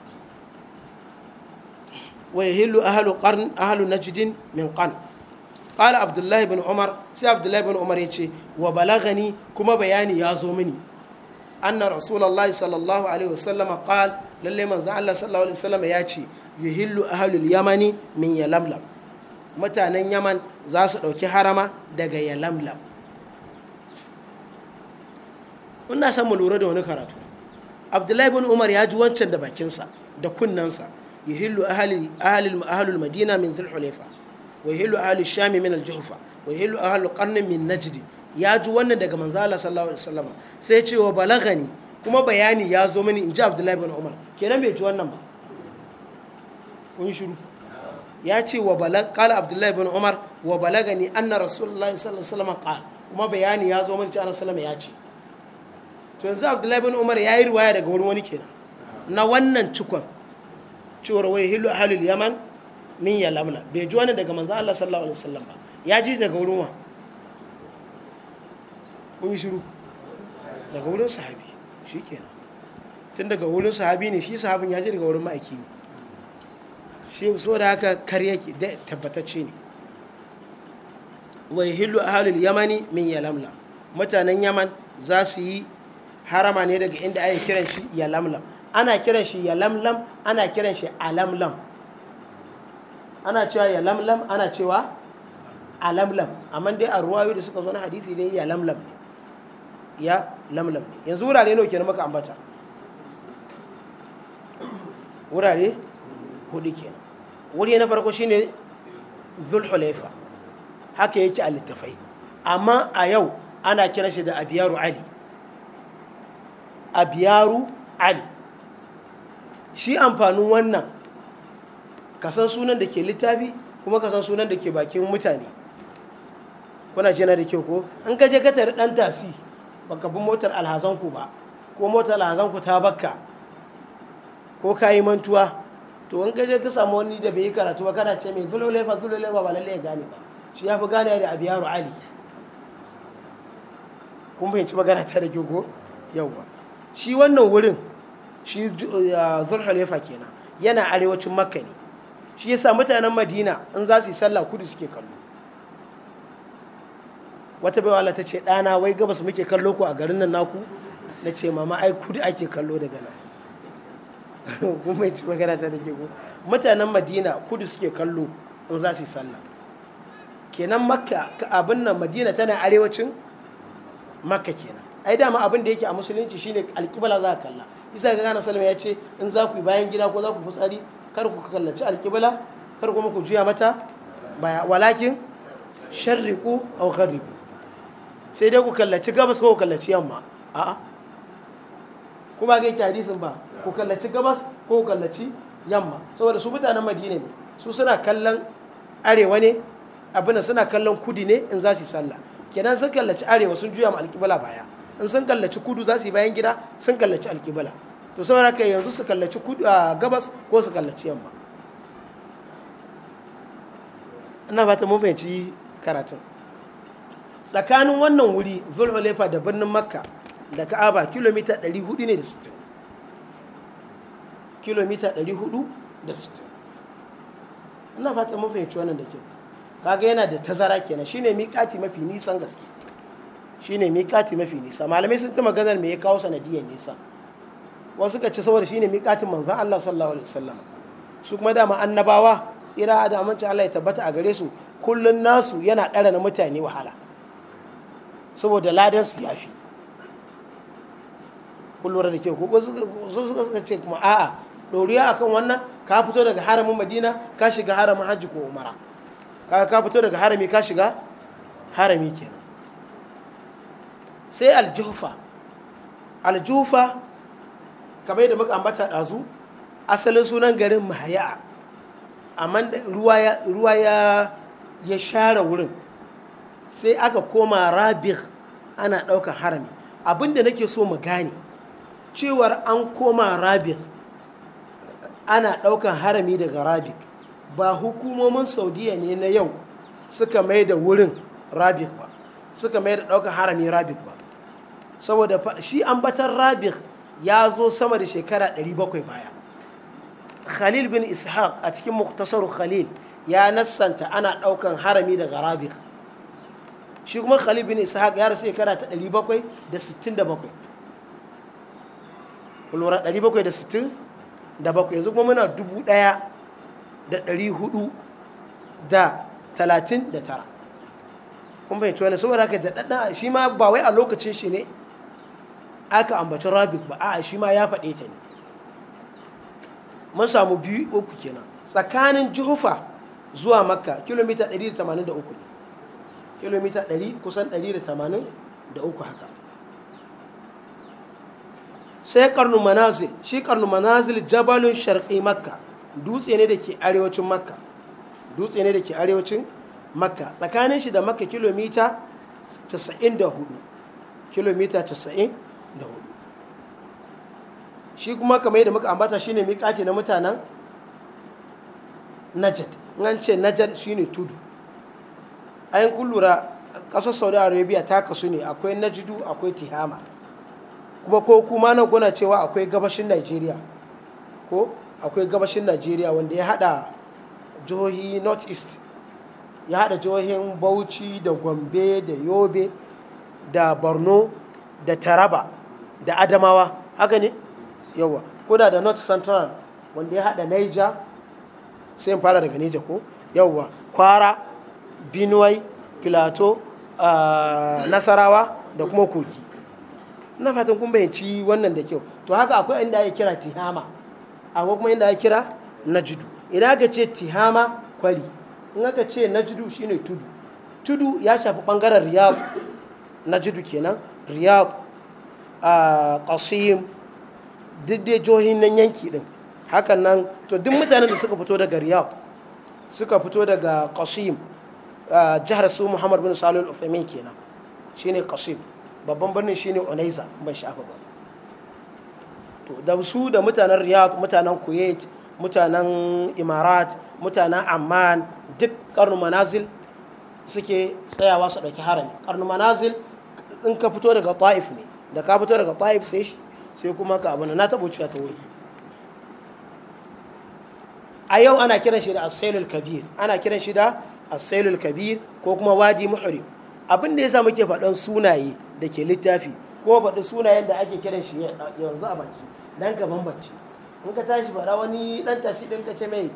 wa yahillu ahlu qarn ahlu najdin min qan qala abdullahi bin umar sai abdullahi bin umar yace wa balagani kuma bayani ya zo mini anna rasulullahi sallallahu alaihi wasallam qal lalle manzo Allah sallallahu alaihi ya ce yuhillu ahlul yamani min yalamlam mutanen yaman zasu ɗauki harama daga yalamlam ina san mu lura da wani karatu abdullahi bin umar ya ji wancan da bakinsa da kunnansa ya ahlul ahlul madina min dhul wa yuhillu ahlul sham min al juhfa wa yuhillu ahlul qarn min najdi. ya ji wannan daga manzala sallallahu alaihi wasallam sai ce wa balaghani kuma bayani ya zo mini in ji Abdullahi bin Umar kenan bai ji wannan ba kun shiru ya ce wa balag qala Abdullahi bin Umar wa balaghani anna rasulullahi sallallahu alaihi wasallam qala kuma bayani ya zo mini cewa annabi sallallahu ya ce to yanzu Abdullahi bin Umar ya yi riwaya daga wurin wani kenan na wannan cikon cewar wai hilu ahlul yaman min yalamna bai ji wannan daga manzo Allah sallallahu alaihi wasallam ba ya ji daga wurin wani kun shiru daga wurin sahabi shi kenan tun daga wurin sahabi ne shi sahabin ya je daga wurin ma'aiki ne shi so da haka karya ke da tabbatacce ne wa a halin yamani min yalamla mutanen yaman za su yi harama ne daga inda ake kiran shi yalamlam ana kiran shi yalamlam ana kiran shi alamlam ana cewa yalamlam ana cewa alamlam amma dai a ruwa da suka zo na hadisi dai yalamlam ne ya lamlam ne yanzu wurare nawa kenan maka ambata wurare hudu kenan wuri na farko shine zulhulaifa haka yake a littafai amma a yau ana kira shi da abiyaru ali abiyaru ali shi amfanin wannan kasan sunan da ke littafi kuma kasan sunan da ke bakin mutane kuna jina da kyau ko an kaje ka dan tasi baka bi motar alhazanku ba ko motar alhazanku ta bakka ko ka yi mantuwa to in ka je ka samu wani da bai yi karatu ba kana ce mai zulule zulu zulule ba ba lalle ya gane ba shi ya fi gane da abu yaro ali kun fahimci magana ta da ke ko yauwa shi wannan wurin shi eh, zulhulefa kenan yana arewacin makka ne shi yasa mutanen madina in za su yi sallah kudu suke kallo wata baiwa Allah ta ce ɗana wai gabas muke kallo ku a garin nan naku na ce mama ai kudu ake kallo daga nan [LAUGHS] kuma ci magana ta nake ku mutanen madina kudu suke kallo in za su yi sallah kenan makka abin nan madina tana arewacin makka kenan ai dama abin da yake a musulunci shine alkibala za ka kalla isa ga gana salama ya ce in za ku yi bayan gida ko za ku fitsari kar ku kallaci alkibala kar kuma ku juya mata baya walakin sharriku aw gharibu sai dai ku kallaci gabas ko ku kallaci yamma a'a kuma ga yake hadisin ba ku kallaci gabas ko ku kallaci yamma saboda su mutanen madina ne su suna kallon arewa ne abin suna kallon kudi ne in za su yi sallah kenan sun kallaci arewa sun juya ma alkibala baya in sun kallaci kudu za su yi bayan gida sun kallaci alkibala to saboda haka yanzu su kallaci kudu a ah, gabas ko su kallaci yamma ina fata mun fahimci karatun tsakanin wannan wuri zulhulaifa da birnin makka da ka'aba kilomita 400 ne da 60 kilomita 400 da 60 ina fata mun fahimci wannan da kyau kaga yana da tazara kenan shine miƙati mafi nisan gaske shine miƙati mafi nisa malamai sun ta maganar me ya kawo sanadiyar nisa wasu ka ci saboda shine miƙatin manzon Allah sallallahu alaihi wasallam su kuma dama annabawa tsira da amince Allah ya tabbata a gare su kullun nasu yana ɗara na mutane wahala saboda ladan su yafi kullum da ke ku su suka ce kuma a'a ɗoriya akan wannan ka fito daga haramin madina ka shiga haramin hajji ko umara ka fito daga harami ka shiga harami kenan sai aljufa aljufa kamar yadda muka ambata ɗazu asalin sunan garin mahaya amma ruwa ya share wurin sai aka koma rabih ana ɗaukar harami abinda nake so mu gane cewar an koma rabih ana ɗaukar harami daga rabih ba hukumomin saudiya ne na yau suka mai da wurin rabih ba suka mai da ɗaukar harami rabih ba saboda shi ambatar rabih ya zo sama da shekara 700 baya khalil bin ishaq a cikin muktasar khalil ya nassanta ana ɗaukan harami daga rabih shi kuma khalid bin ishaq ya rasu shekara ta 767 da 767 yanzu kuma muna 1439 kuma fahimci wani saboda haka daɗaɗɗa shi ma ba wai a lokacin shi ne aka ambaci rabik ba a shi ma ya faɗe ta ne mun samu biyu uku kenan tsakanin jihufa zuwa makka kilomita 183 ne kilomita 100 kusan 183 haka sai karnu manazil shi karnu manazil jabalun sharqi makka dutse ne da ke arewacin makka dutse ne da ke arewacin makka tsakanin shi da makka kilomita 94 kilomita 94 shi kuma kamar yadda muka ambata shine miƙati na mutanen najad ngance an najad shine tudu ayin kun lura ƙasar saudi arabia ta kasu ne akwai najidu akwai tihama kuma ko kuma na guna cewa akwai gabashin nigeria ko akwai gabashin nigeria wanda ya hada jihohi north east ya hada jihohin bauchi da gombe da yobe da borno da taraba da adamawa haka ne yawa kuna da north central wanda ya hada niger sai fara daga niger ko yawa kwara binuwai filato nasarawa da kuma kogi na fatan kun bayanci wannan da kyau to haka akwai inda ya kira tihama akwai kuma inda ya kira najudu idan aka ce tihama kwari in aka ce najudu shine tudu tudu ya shafi bangaren riyad najudu kenan riyad qasim duk dai jihohin nan yanki din hakan nan to duk mutanen da suka fito daga riyad suka fito daga kasim jihar su muhammad bin salul ufaimin kenan shine kasib babban birnin shine onaiza ban shafa ba to da su da mutanen riyadh mutanen kuwait mutanen imarat mutanen amman duk karnu manazil suke tsayawa su dauki harami karnu manazil in ka fito daga ta'if ne da ka fito daga ta'if sai shi sai kuma ka abu na taɓa wuce ta wuri a yau ana kiran shi da asailul kabir ana kiran shi da asailul kabir ko kuma wadi muhrim abin da yasa muke faɗan sunaye da ke littafi ko faɗi sunayen da ake kiran shi yanzu a baki dan ka bambance in ka tashi faɗa wani ɗan tasi ɗin ka ce mai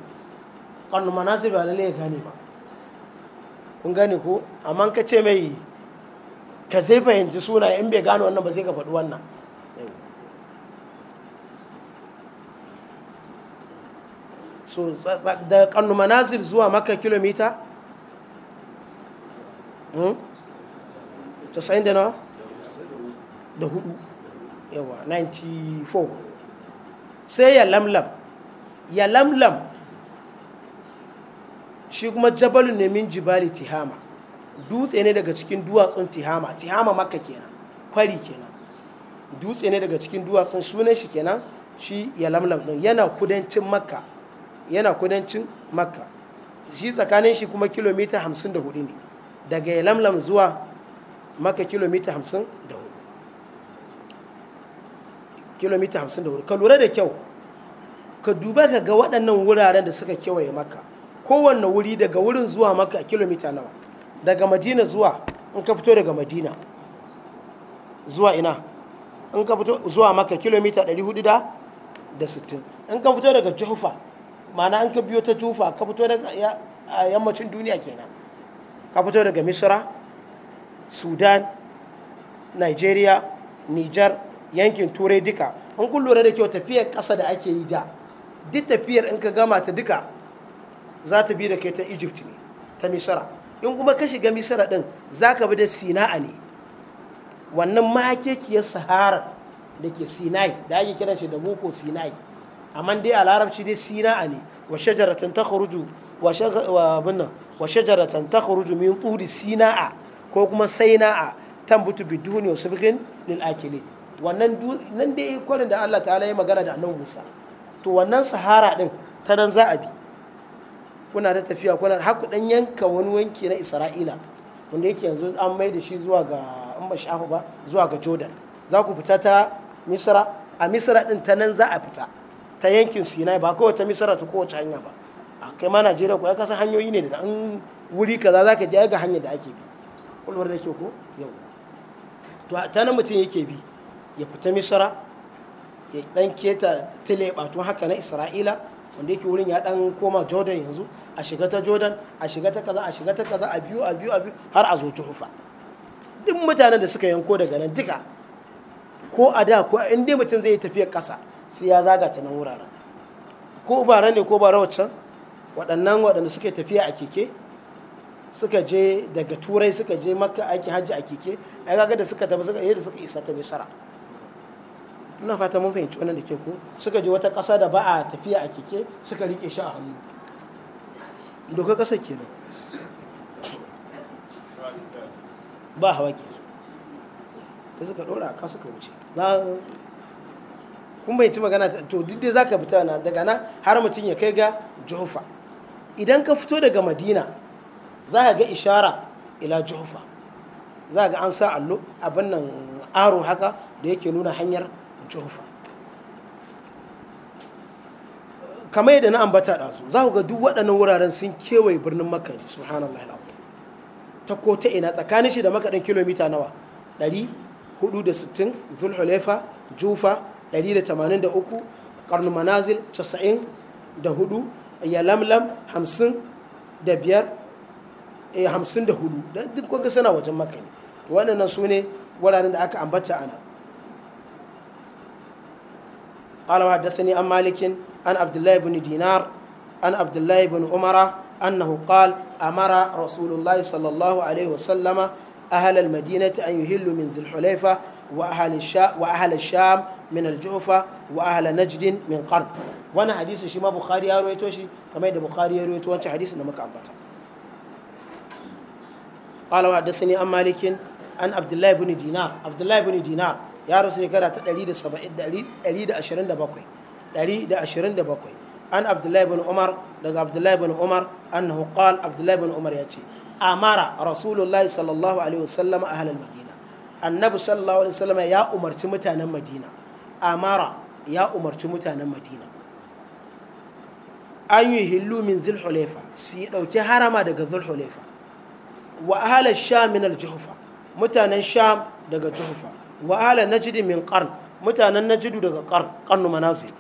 ƙarnu manasir ba lalle ya gane ba kun gane ko amma ka ce mai ka zai fahimci sunaye in bai gane wannan ba sai ka faɗi wannan so da ƙarnu manasir zuwa maka kilomita Hmm? casa'in da nawa da hudu yawa 94 sai ya lamlam ya lamlam shi kuma jabalu ne min jibali tihama dutse ne daga cikin duwatsun tihama tihama makka kenan kwari kenan dutse ne daga cikin duwatsun sunan shi kenan shi ya lamlam din yana kudancin makka yana kudancin makka shi tsakanin shi kuma kilomita 54 ne daga lamlam zuwa maka kilomita hamsin da hudu kilomita hamsin da hudu ka lura da kyau ka duba ka ga waɗannan wuraren da suka kewaye maka kowanne wuri daga wurin zuwa maka kilomita nawa daga madina zuwa in ka fito daga madina zuwa ina in ka fito zuwa maka kilomita 460 in ka fito daga jufa ma'ana in ka biyo ta jufa ka fito daga yammacin duniya kenan ka fito daga misra sudan nigeria niger yankin turai duka An kun lura da kyau tafiyar kasa da ake yi da duk tafiyar in ka gama ta duka za ta bi da kai ta egypt ne ta misra in kuma ka shiga misra din za ka bi da sina'a ne wannan makekiyar sahara da ke sinai da ake kiran shi da boko sinai amma dai a larabci dai sina'a ne wa shajaratun ta kharuju wa binnan wa shajaratan takhruju min turi sina'a ko kuma saina'a tambutu biduni wa subghin lil akili wannan nan dai kwarin da Allah ta'ala ya magana da annabi Musa to wannan sahara din ta nan za a bi kuna ta tafiya kuna haku dan yanka wani wanki na Isra'ila wanda yake yanzu an mai da shi zuwa ga an ba shafa ba zuwa ga Jordan za ku fita ta Misra a Misra din ta nan za a fita ta yankin Sinai ba kawai ta Misra ta kowace hanya ba kai ma najeriya ko ya kasa hanyoyi ne da an wuri kaza za ka jaya ga hanyar da ake bi kulwar da ke ko yau to a nan mutum yake bi ya fita misra ya dan keta tile batun haka na isra'ila wanda yake wurin ya dan koma jordan yanzu a shiga ta jordan a shiga ta kaza a shiga ta kaza a biyu a biyu a biyu har a zo juhufa duk mutanen da suka yanko daga nan duka ko a da ko in dai mutum zai tafiya kasa sai ya zaga ta nan wuraren ko bara ne ko bara waccan waɗannan waɗanda suke tafiya a keke suka je daga turai suka je maka aiki hajji a keke a kaga da suka tafi suka eh, da suka isa ta misra ina fata mun fahimci wannan da ke ku suka je wata ƙasa da ba a tafiya a keke suka rike shi a hannu doka ƙasa ke nan ba hawa keke da suka dora ka suka wuce kun bai magana to duk dai ka fita na daga na har mutum ya kai ga juhufa idan ka fito daga madina za ka ga ishara ila juhufa za ga an sa allo abin nan aro haka da yake nuna hanyar juhufa kamar yadda na ambata da su za ku ga duk waɗannan wuraren sun kewaye birnin makar su subhanallah alazim ta ko ta ina tsakanin shi da makaɗin kilomita nawa 460 zulhulefa jufa 183 karnu manazil 94 ya lamlam hamsin da biyar hamsin da hudu don duk kuka suna wajen maka ne waɗannan su ne wuraren da aka ambata ana قال وحدثني عن مالك عن عبد الله بن دينار عن عبد الله بن عمر أنه قال أمر رسول الله صلى الله عليه وسلم أهل المدينة أن يهلوا من ذي الحليفة وأهل, الشام وأهل الشام من الجوفة وأهل نجد من قرن wani hadisin shi ma bukhari ya rawaito shi kamar yadda bukhari ya rawaito wancan hadisin da muka ambata qala wa hadathani an malikin an abdullahi ibn dinar abdullahi ibn dinar ya rasu shekara ta 127 an abdullahi ibn umar daga abdullahi ibn umar annahu qala abdullahi ibn umar ya ce amara rasulullahi sallallahu alaihi wasallam ahlal madina annabi sallallahu alaihi wasallam ya umarci mutanen madina amara ya umarci mutanen madina an yi hillu min zulhulefa su yi ɗauki harama daga zulhulefa wa ahalar sham min aljuhufa mutanen sham daga juhufa wa ahalar najidi min qarn mutanen najidu daga qarn qarnu manasir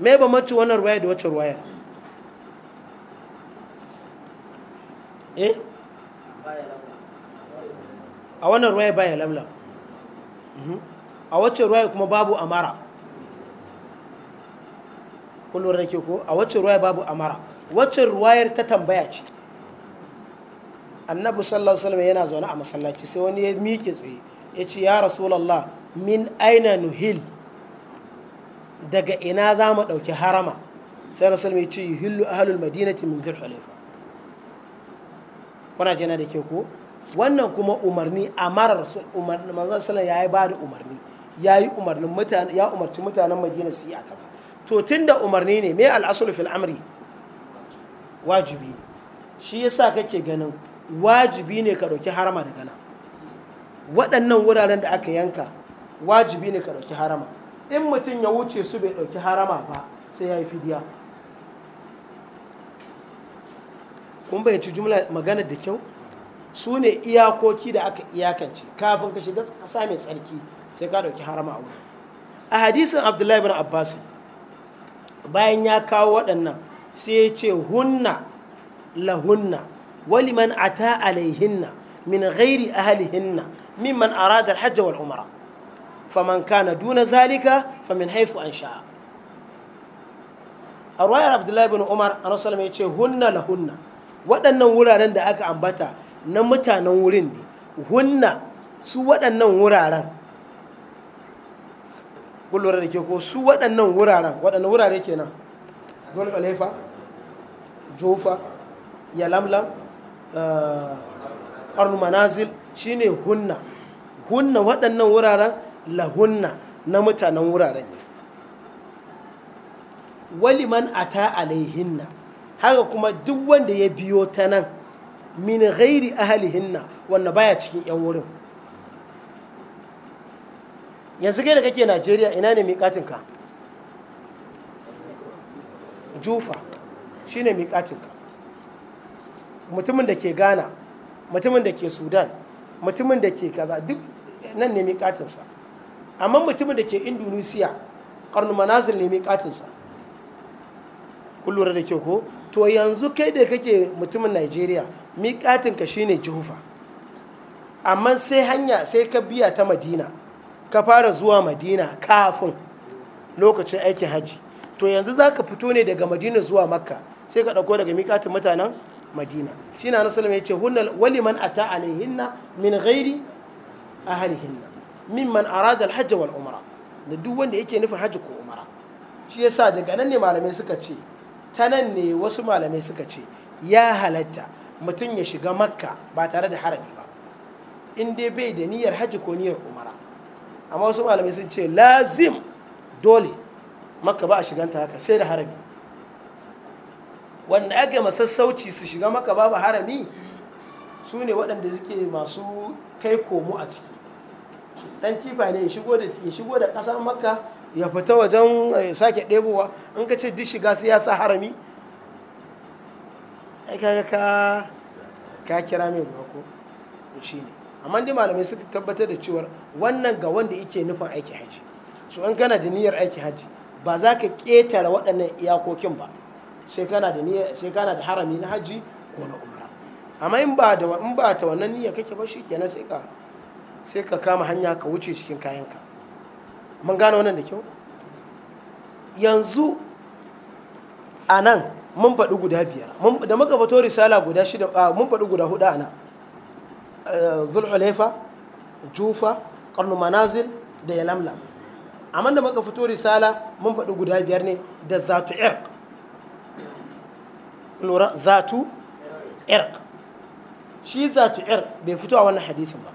me ba mace wannan ruwaya da wacce ruwaya eh a wannan ruwaya baya lamlam mhm. a wacce ruwaya kuma babu amara kullum da ke ko a wacce ruwaya babu amara wacce ruwayar ta tambaya ce annabi sallallahu alaihi wasallam yana zaune a masallaci sai wani ya miƙe tsaye ya ce ya rasulallah min aina nuhil daga ina za mu ɗauki harama sai rasul ya ce yuhillu ahlul madinati min dhul hulaifa kuna jina da ke ko wannan kuma umarni amara rasul umarni manzon sallallahu alaihi wasallam ba da umarni yayi umarnin mutane ya umarci mutanen madina su yi a kaza to tun da umarni ne mai al'asulu fil amri wajibi shi shi yasa kake ganin wajibi ne ka ɗauki harama daga nan waɗannan wuraren da aka yanka wajibi ne ka ɗauki harama in mutum ya wuce su bai ɗauki harama ba sai ya yi fidiya kun bayyanci jumla magana da kyau su ne iyakoki da aka iyakance kafin ka shiga ƙasa mai tsarki sai ka ɗauki harama a wuri a hadisin abdullahi bin abbasi bayan ya kawo waɗannan sai ya ce hunna lahunna waliman ata alaihinna min ghairi ahlihinna mimman arada alhajj wal umra faman kana duna zalika famin haifu an sha'a a abdullahi bin umar a nasarar ya ce hunna lahunna waɗannan wuraren da aka ambata na mutanen wurin ne hunna su waɗannan wuraren kun lura da ke ko su waɗannan wuraren waɗannan wurare kenan gol olefa jofa yalamlam ƙarnu eh, manazil shine hunna hunna waɗannan wuraren lahunna na mutanen wuraren waliman ata alaihinna haka kuma duk wanda ya biyo ta nan min ghairi ahalihinna wanda baya cikin 'yan wurin yanzu kai da kake najeriya ina ne miƙatinka jufa shi ne miƙatinka mutumin da ke ghana mutumin da ke sudan mutumin da ke kaza duk nan ne miƙatinsa amma mutumin da ke indonesia karnu manazil ne miƙatinsa kun da ke ko to yanzu kai da kake mutumin nigeria miƙatinka shine jufa amma sai hanya sai ka biya ta madina ka fara zuwa madina kafin lokacin aikin hajji to yanzu za ka fito ne daga madina zuwa makka sai ka ɗauko daga mikatin mutanen madina shi na nasarar ya ce hunnal waliman ata alaihinna min ghairi ahalihinna man arada alhajji wal umara da duk wanda yake nufin hajji ko umara shi sa daga nan ne malamai suka ce ta nan ne wasu malamai suka ce ya halatta mutum ya shiga makka ba tare da harabi ba in dai bai da niyyar hajji ko niyyar umara amma wasu malamai sun ce lazim dole maka ba a shiganta haka sai da harami wanda ake masassauci su shiga maka ba ba harami su ne waɗanda suke masu kai komo a ciki ɗan kifa ne ya shigo da ƙasa maka ya fita wajen sake ɗebowa in ka ce duk shiga sai ya sa harami ai ka kira mai ba ko shi ne amma dai malamai suka tabbatar da cewar wannan ga wanda yake nufin aiki haji so in kana da niyyar aiki haji ba za ka ƙetare waɗannan iyakokin ba sai kana da da harami na haji ko na umra amma in ba da in ba ta wannan niyya kake ba shikenan sai ka sai ka kama hanya ka wuce cikin kayanka mun gane wannan da kyau yanzu a nan mun faɗi guda biyar da muka fito risala guda shida mun faɗi guda hudu a nan hulefa jufa karnu manazil da yalamlam amma da muka fito risala mun faɗi guda biyar ne da zatu irq lura zatu irq shi zatu irq bai fito a wannan hadisin ba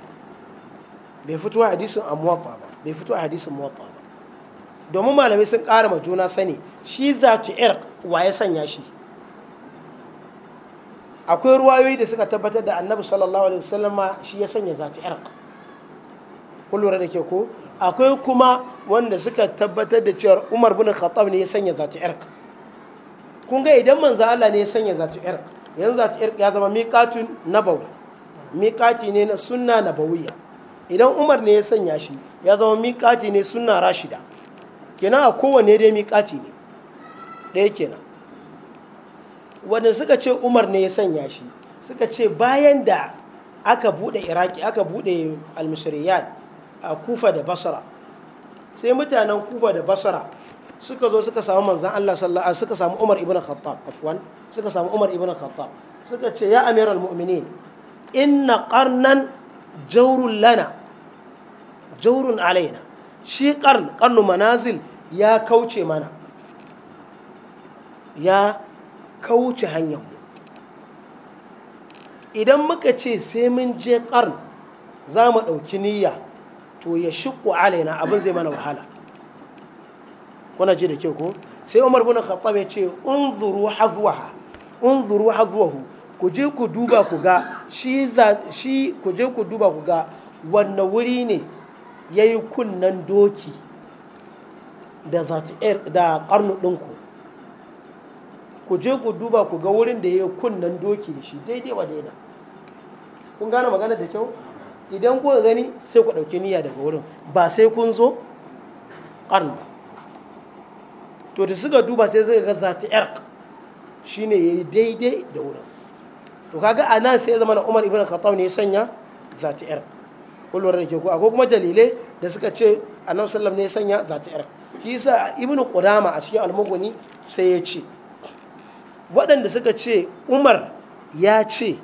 bai fito a hadisin muwatta ba bai fito a hadisin muwatta ba domin malamai sun ƙara ma juna sani shi zatu irq waye sanya shi akwai ruwayoyi da suka tabbatar da annabi sallallahu alaihi wasallam shi ya sanya zafi irq kullura da ke ko akwai kuma wanda suka tabbatar da cewa umar bin khattab ne ya sanya zafi irq kun ga idan manzo Allah ne ya sanya zafi irq yanzu zafi irq ya zama miqatun nabawi miqati ne na sunna nabawiyya idan umar ne ya sanya shi ya zama miqati ne sunna rashida kenan a kowanne dai miqati ne dai kenan wanda suka ce umar ne ya sanya shi suka ce bayan da aka bude iraki aka bude almisriyan a kufa da basara sai mutanen kufa da basara suka zo suka samu manzan Allah sallallahu suka samu Umar ibn Khattab afwan suka samu Umar ibn Khattab suka ce ya amiral mu'minin inna qarnan jawrun lana jawrun alaina shi qarn qarnu manazil ya kauce mana ya ka wuce hanyar mu idan muka ce sai mun je ƙarn za mu ɗauki niyya to ya shiƙo alaina abin zai mana wahala kuna ji da ke ko sai umar bin khattab ya ce unzuru hazwaha unzuru hazwahu ku je ku duba ku ga shi shi ku je ku duba ku ga wanne wuri ne yayi kunnan doki da zat da ɗinku ku je ku duba ku ga wurin da ya kunnan doki da shi daidai wa daida kun gane magana da kyau idan ku gani sai ku ɗauki niyya daga wurin ba sai kun zo ƙarni to da suka duba sai zai ga zata shi ne ya yi daidai da wurin to kaga a nan sai zama na umar ibn khattab ne ya sanya zata yar kullum da ke ku akwai kuma dalilai da suka ce annabi sallam ne ya sanya zata yark shi yasa ibn qudama a cikin almuguni sai ya ce waɗanda suka ce umar ya ce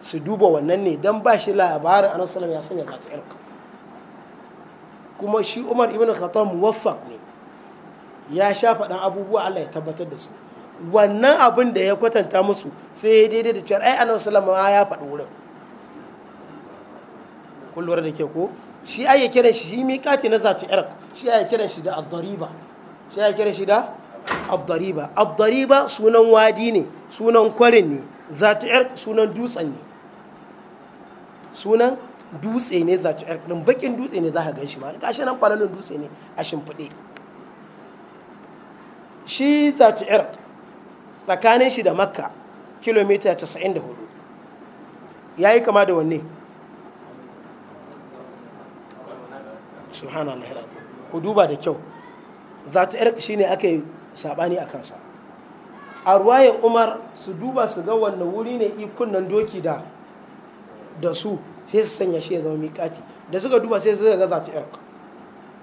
su duba wannan ne don ba shi labarin anan salam ya sanya zata irka kuma shi umar ibn khattab muwaffaq ne ya sha faɗan abubuwa allah ya tabbatar da su wannan abin da ya kwatanta musu sai ya daidai da cewar ai anan salam ya faɗi wurin kun da ke ko shi ai ya kiran shi shi miƙati na zata irka shi ai ya shi da al-dariba shi ai ya shi da abdariba abdariba sunan wadi ne sunan kwarin ne zatu irq sunan dutsen ne sunan dutse ne zatu irq din bakin dutse ne za ka gan shi ma shi nan falalin dutse ne a shimfiɗe shi zatu irq tsakanin shi da makka kilomita 94 ya yi kama da wanne subhanallah ku duba da kyau zatu shi shine aka yi saɓani a kansa a ruwayar umar su duba su ga wannan wuri ne ikunan doki da da su sai su sanya shi ya zama miƙati da suka duba sai su ga za ta irka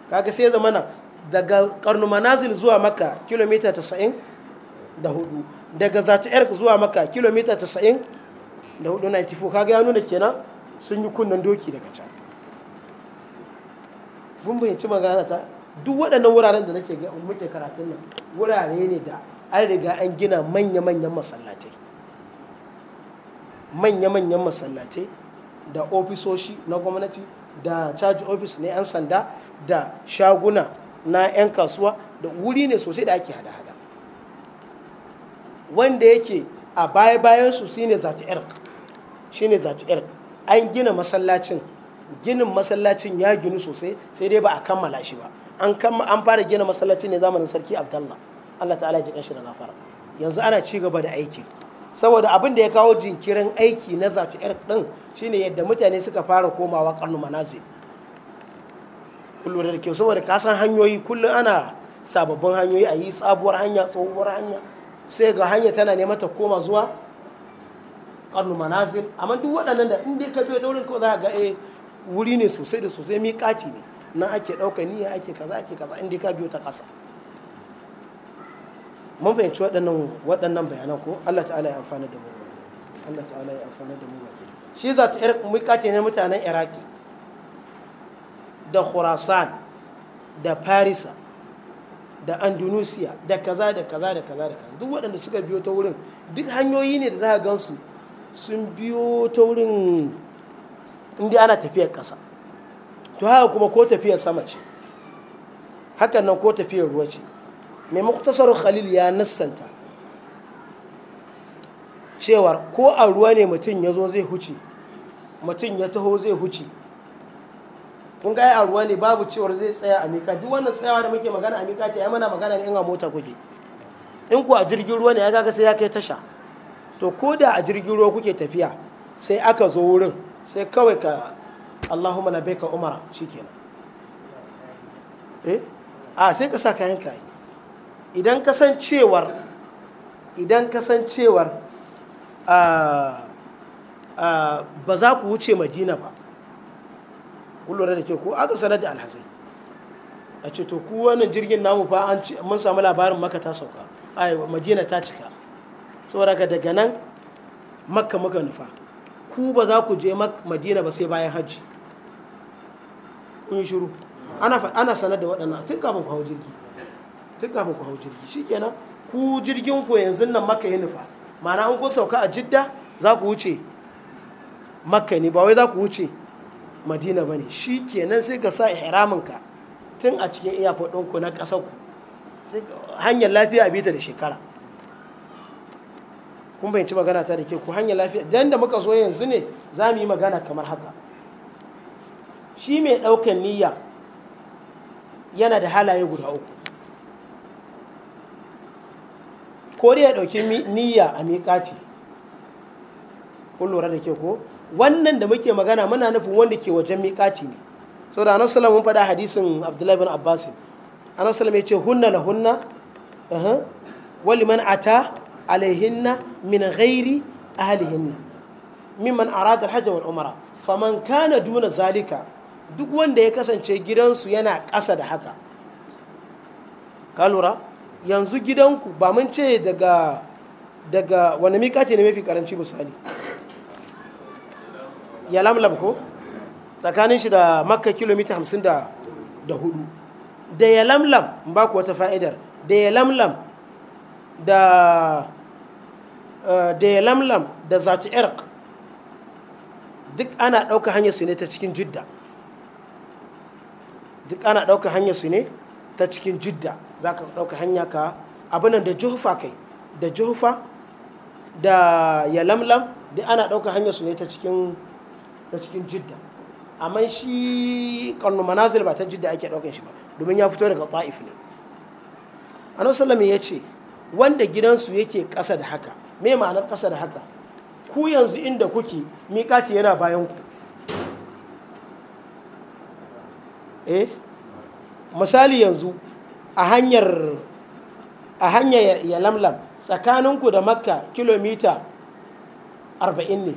kaga sai zama na daga karnu manazil zuwa maka kilomita 90 da hudu daga zata irka zuwa maka kilomita 90 da hudu 94 kaga ya nuna kenan sun yi kunnan doki daga can mun bayyanci magana ta duk waɗannan wuraren da nake muke karatun nan wurare ne da an riga an gina manya-manyan masallatai manya-manyan masallatai da ofisoshi na gwamnati da charge office na 'yan sanda da shaguna na 'yan kasuwa da wuri ne sosai da ake hada-hada wanda yake a baya-bayan su shine zatu irk shine zatu irk an gina masallacin ginin masallacin ya ginu sosai sai dai ba a kammala shi ba an kama an fara gina masallaci ne zamanin sarki abdallah allah ta'ala ji kanshi da zafara yanzu ana ci gaba da aiki saboda abin da ya kawo jinkirin aiki na zafi yar din shine yadda mutane suka fara komawa karnu manazi kullum da ke saboda ka san hanyoyi kullum ana sababbin hanyoyi a yi sabuwar hanya tsohuwar hanya sai ga hanya tana neman ta koma zuwa karnu manazi amma duk waɗannan da in dai ka biyo ta wurin ko za ga eh wuri ne sosai da sosai kaci ne na ake ɗauka niyya ake kaza ake kaza inda ka biyo ta ƙasa mun fahimci waɗannan bayanan ko Allah ta'ala ya amfana da mu Allah ta'ala ya amfana da mu baki shi za ta mu kace ne mutanen Iraki da Khurasan da Farisa da Andalusia da kaza da kaza da kaza da kaza duk waɗanda suka biyo ta wurin duk hanyoyi ne da za ka gansu sun biyo ta wurin inda ana tafiyar ƙasa to haka kuma ko tafiyar sama ce hakan nan ko tafiyar ruwa ce mai muktasar khalil ya nassanta cewar ko a ruwa ne mutum ya zo zai huce mutum ya taho zai huce kun ga a ruwa ne babu cewar zai tsaya a mika duk wannan tsayawa da muke magana a mika ce ya mana magana ne in a mota kuke in ku a jirgin ruwa ne ya kaga sai ya kai tasha to ko da a jirgin ruwa kuke tafiya sai aka zo wurin sai kawai ka Allahumma labbaika umara shikenan eh a sai ka sa kayan kai idan kasancewar idan kasancewar ba za ku wuce madina ba kullum da ke ko aka sanar da alhazai a ce to ku wannan jirgin namu fa an mun samu labarin maka ta sauka ai madina ta cika saboda daga nan makka muka nufa ku ba za ku je madina ba sai bayan hajji kun shiru ana sanar da waɗannan tun kafin ku hau jirgi tun kafin ku hau jirgi kenan ku jirgin ku yanzu nan maka yi nufa ma'ana an kun sauka a jidda za ku wuce makka ne ba wai za ku wuce madina ba ne shi kenan sai ka sa ihraminka tun a cikin airport ɗinku na ƙasar ku hanyar lafiya a bita da shekara kun bayanci magana ta da ke ku hanya lafiya dan da muka zo yanzu ne za mu yi magana kamar haka shi mai ɗaukan niyya yana da halaye guda uku ko dai ya ɗauki niyya a miƙaci kun lura da ke ko wannan da muke magana muna nufin wanda ke wajen miƙaci ne Sau da anan mun faɗa hadisin abdullahi bin abbas anan salam ya ce hunna la hunna wali man ata alaihinna min غير ahlihinna ممن arada الحج wal فمن كان kana ذلك zalika duk wanda ya kasance gidansu yana ƙasa da haka ka lura yanzu gidanku ba mun ce daga daga wani mikati ne mafi karanci misali ya lamlam ko tsakanin shi da makka kilomita hamsin da hudu da ya lamlam ba ku wata fa'idar da ya lamlam da Eh, da ya lamlam da zati irq duk ana ɗauka hanyar su ne ta cikin jidda duk ana ɗauka hanyar su ne ta cikin jidda za ka ɗauka hanya ka abinan da juhufa kai da juhufa da ya lamlam duk ana ɗauka hanyar su ne ta cikin jidda amma shi ƙarnu manazil ba ta jidda ake ɗaukan shi ba domin ya fito daga ta'if ne anu sallami ya ce wanda gidansu yake ƙasa da haka me ma'anar ƙasa da haka ku yanzu inda kuke miƙati yana bayan ku eh misali yanzu a hanyar a hanyar ya lamlam tsakaninku da makka kilomita 40 ne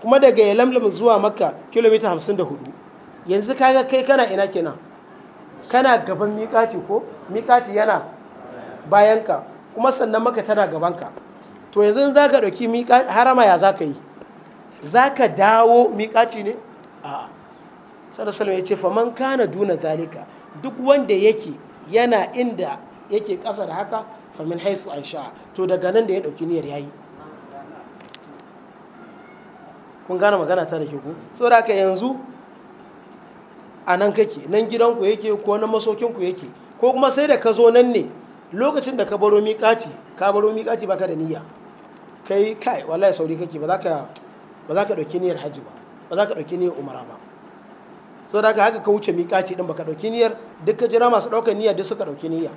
kuma daga ya lamlam zuwa makka kilomita 54 yanzu kaga kai kana ina kenan kana gaban miƙati ko miƙati yana bayanka kuma sannan maka tana gabanka to yanzu za ka ɗauki harama ya za ka yi za ka dawo miƙaci ne a salama ya ce faman kana duna zalika duk wanda yake yana inda yake ƙasa da haka famin haisu an sha'a to daga nan da ya ɗauki niyyar yayi kun gane magana ta da ke ku saboda ka yanzu a nan kake nan gidanku yake ko nan masokinku yake ko kuma sai da ka zo nan ne lokacin da ka baro miƙaci ka baro ba ka da niyya kai kai wallahi sauri kake ba za ka ɗauki niyyar hajji ba ba za ka ɗauki niyyar umara ba so da haka ka wuce miƙaci ɗin ka ɗauki niyyar duk ka jira masu ɗaukar niyyar duk suka ɗauki niyya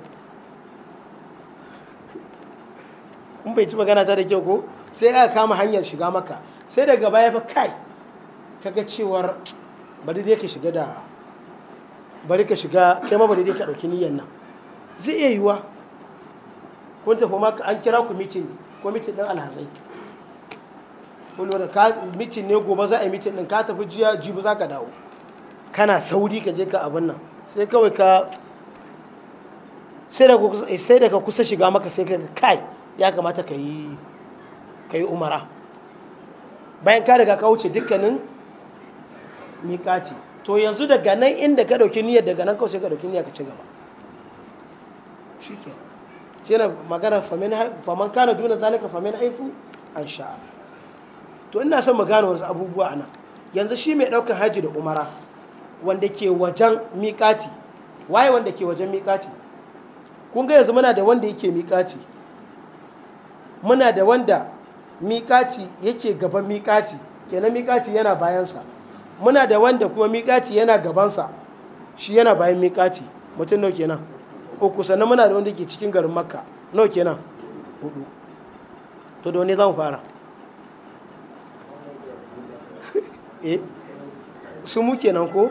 in bai ci magana ta da kyau ko sai aka kama hanyar shiga maka sai daga baya fa kai ga cewar bari dai ka shiga da bari ka shiga kai ma bari dai ka ɗauki niyyar nan zai iya yiwuwa kun tafi ma an kira ku mitin ne ko mitin din alhazai kullu da ka mitin ne gobe za a yi mitin din ka tafi jiya jibi za ka dawo kana sauri ka je ka abin nan sai kawai ka sai da ka kusa shiga maka sai ka kai ya kamata ka yi ka yi umara bayan ka daga ka wuce dukkanin miƙati to yanzu daga nan inda ka ɗauki niyyar daga nan kawai sai ka ɗauki niyyar ka ci gaba shi kenan shi ne magana faman kana duna zalika famin haifu an sha'a to ina son magana wasu abubuwa ana yanzu shi mai daukan haji da umara wanda ke wajen miƙaci, waye wanda ke wajen miƙaci? kun ga yanzu muna da wanda yake miƙaci, muna da wanda miƙaci yake gaban miƙaci kenan miƙaci yana bayansa muna da wanda kuma miƙaci yana gabansa shi yana bayan miƙaci mutum nau kenan uku sannan muna da wanda ke cikin garin makka nawa kenan hudu to da wani za mu fara [LAUGHS] eh su mu kenan ko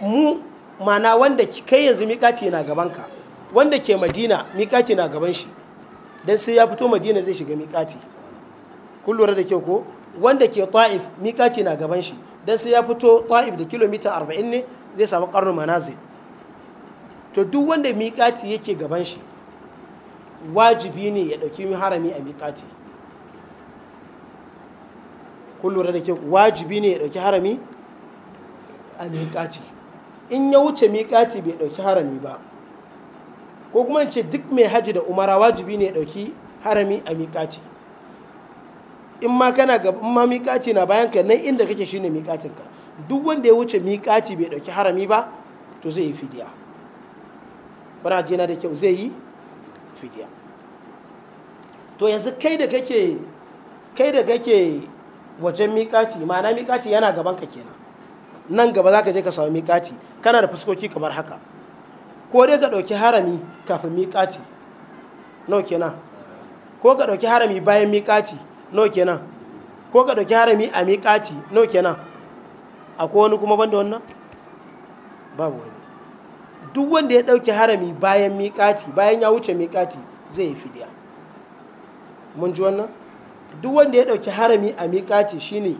mu mana wanda kai yanzu miƙaci na gabanka wanda ke madina miƙaci na gaban shi don sai ya fito madina zai shiga miƙaci kun lura da kyau ko wanda ke ta'if miƙaci na gaban shi don sai ya fito ta'if da kilomita 40 ne zai samu karnu manazil to duk wanda miƙati yake gaban shi wajibi ne ya ɗauki harami a miƙati kullum da ke wajibi ne ya ɗauki harami a miƙati in ya wuce miƙati bai ɗauki harami ba ko kuma in ce duk mai haji da umara wajibi ne ya ɗauki harami a miƙati in ma kana ga ma miƙati na bayan ka nan inda kake shine miƙatinka duk wanda ya wuce miƙati bai ɗauki harami ba to zai yi fidiya bana jina da kyau zai yi fidya to yanzu kai da kake kai da kake wajen miƙati ma'ana miƙati yana gaban ka kenan nan gaba za ka je ka samu miƙati kana da fuskoki kamar haka ko dai ka ɗauki harami kafin miƙati nau kenan ko ka ɗauki harami bayan miƙati nau kenan ko ka ɗauki harami a miƙati nau kenan akwai wani kuma ban wannan babu wani duk wanda ya ɗauki harami bayan miƙati bayan ya wuce miƙati zai yi fidiya mun ji wannan duk wanda ya ɗauki harami a miƙati shine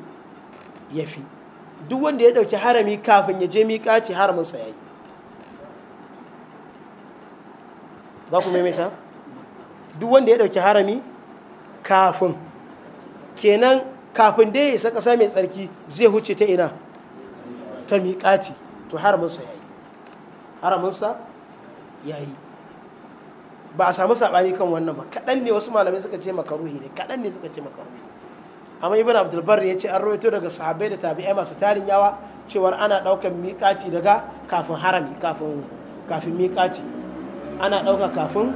ya fi duk wanda ya ɗauki harami kafin ya je miƙati haraminsa ya yi za ku maimaita duk wanda ya ɗauki harami kafin kenan kafin dai ya isa ƙasa mai tsarki zai huce ta ina ta miƙati to haraminsa ya yi haraminsa ya yi ba a samu saɓani kan wannan ba kaɗan ne wasu malamai suka ce makaruhi ne kaɗan ne suka ce makaruhi amma ibn abdulbar ya ce an rawaito daga sahabbai da tabi'a masu tarin yawa cewar ana ɗaukar miƙaci daga kafin harami kafin kafin miƙaci ana ɗauka kafin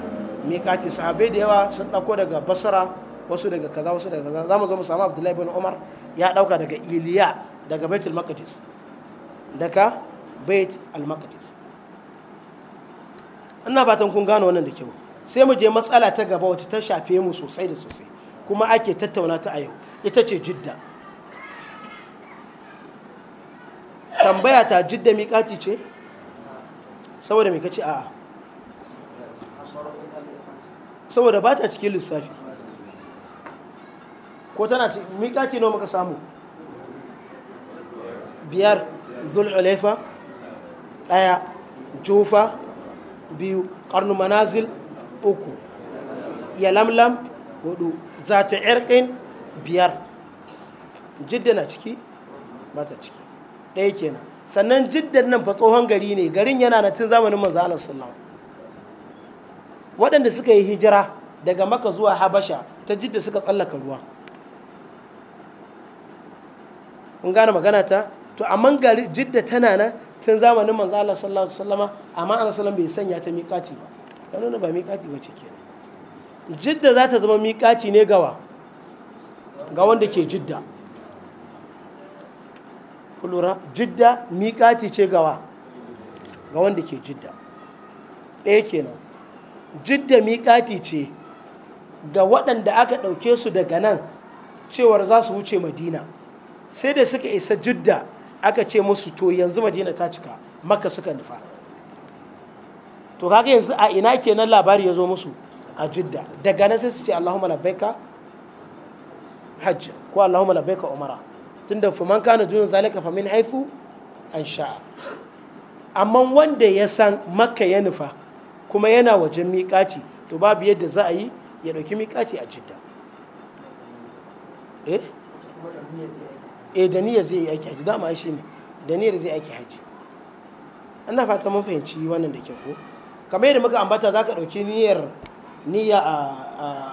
miƙaci sahabbai da yawa sun ɗauko daga basra wasu daga kaza wasu daga kaza zamu zo mu samu abdullahi ibn umar ya ɗauka daga iliya daga baitul maqdis daga bait al-maqdis ina fatan kun gano wannan da kyau sai mu je matsala ta gaba wata ta shafe mu sosai da sosai kuma ake tattauna ta a yau ita ce jidda tambaya ta jidda miƙati ce saboda mai kaci a'a saboda ba ta cikin lissafi ko tana miƙati nawa muka samu biyar zulhulaifa ɗaya jufa biyu karnu manazil uku ya lamlam hudu zata irkin biyar jidda na ciki mata ciki ɗaya kenan sannan jiddan nan fa tsohon gari ne garin yana na tun zamanin manzo Allah sallallahu waɗanda suka yi hijira daga maka zuwa habasha ta jidda suka tsallaka ruwa kun gane magana ta to amma jidda tana na. tun zamanin manzo Allah sallallahu alaihi wasallama amma annabi sallallahu bai sanya ta miƙati ba ya nuna ba miƙati ba ce kenan jidda za ta zama miƙati ne gawa ga wanda ke jidda kulura jidda miƙati ce gawa ga wanda ke jidda ɗaya kenan jidda miƙati ce ga waɗanda aka ɗauke su daga nan cewar za su wuce madina sai da suka isa jidda aka ce musu to yanzu madina ta cika maka suka nufa to kaga yanzu a ina kenan labari ya zo musu a jidda daga nan sai su ce allahumma labbaika hajj ko allahumma labbaika umara tunda fa man kana dun zalika fa min haifu an sha'a amma wanda ya san maka ya nufa kuma yana wajen miƙaci to babu yadda za a yi ya ɗauki miƙaci a jidda eh eh da zai yi aiki haji dama shi ne da niyyar zai aiki haji ina fata mun fahimci wannan da ke ko kamar yadda muka ambata zaka ka ɗauki niyyar niyya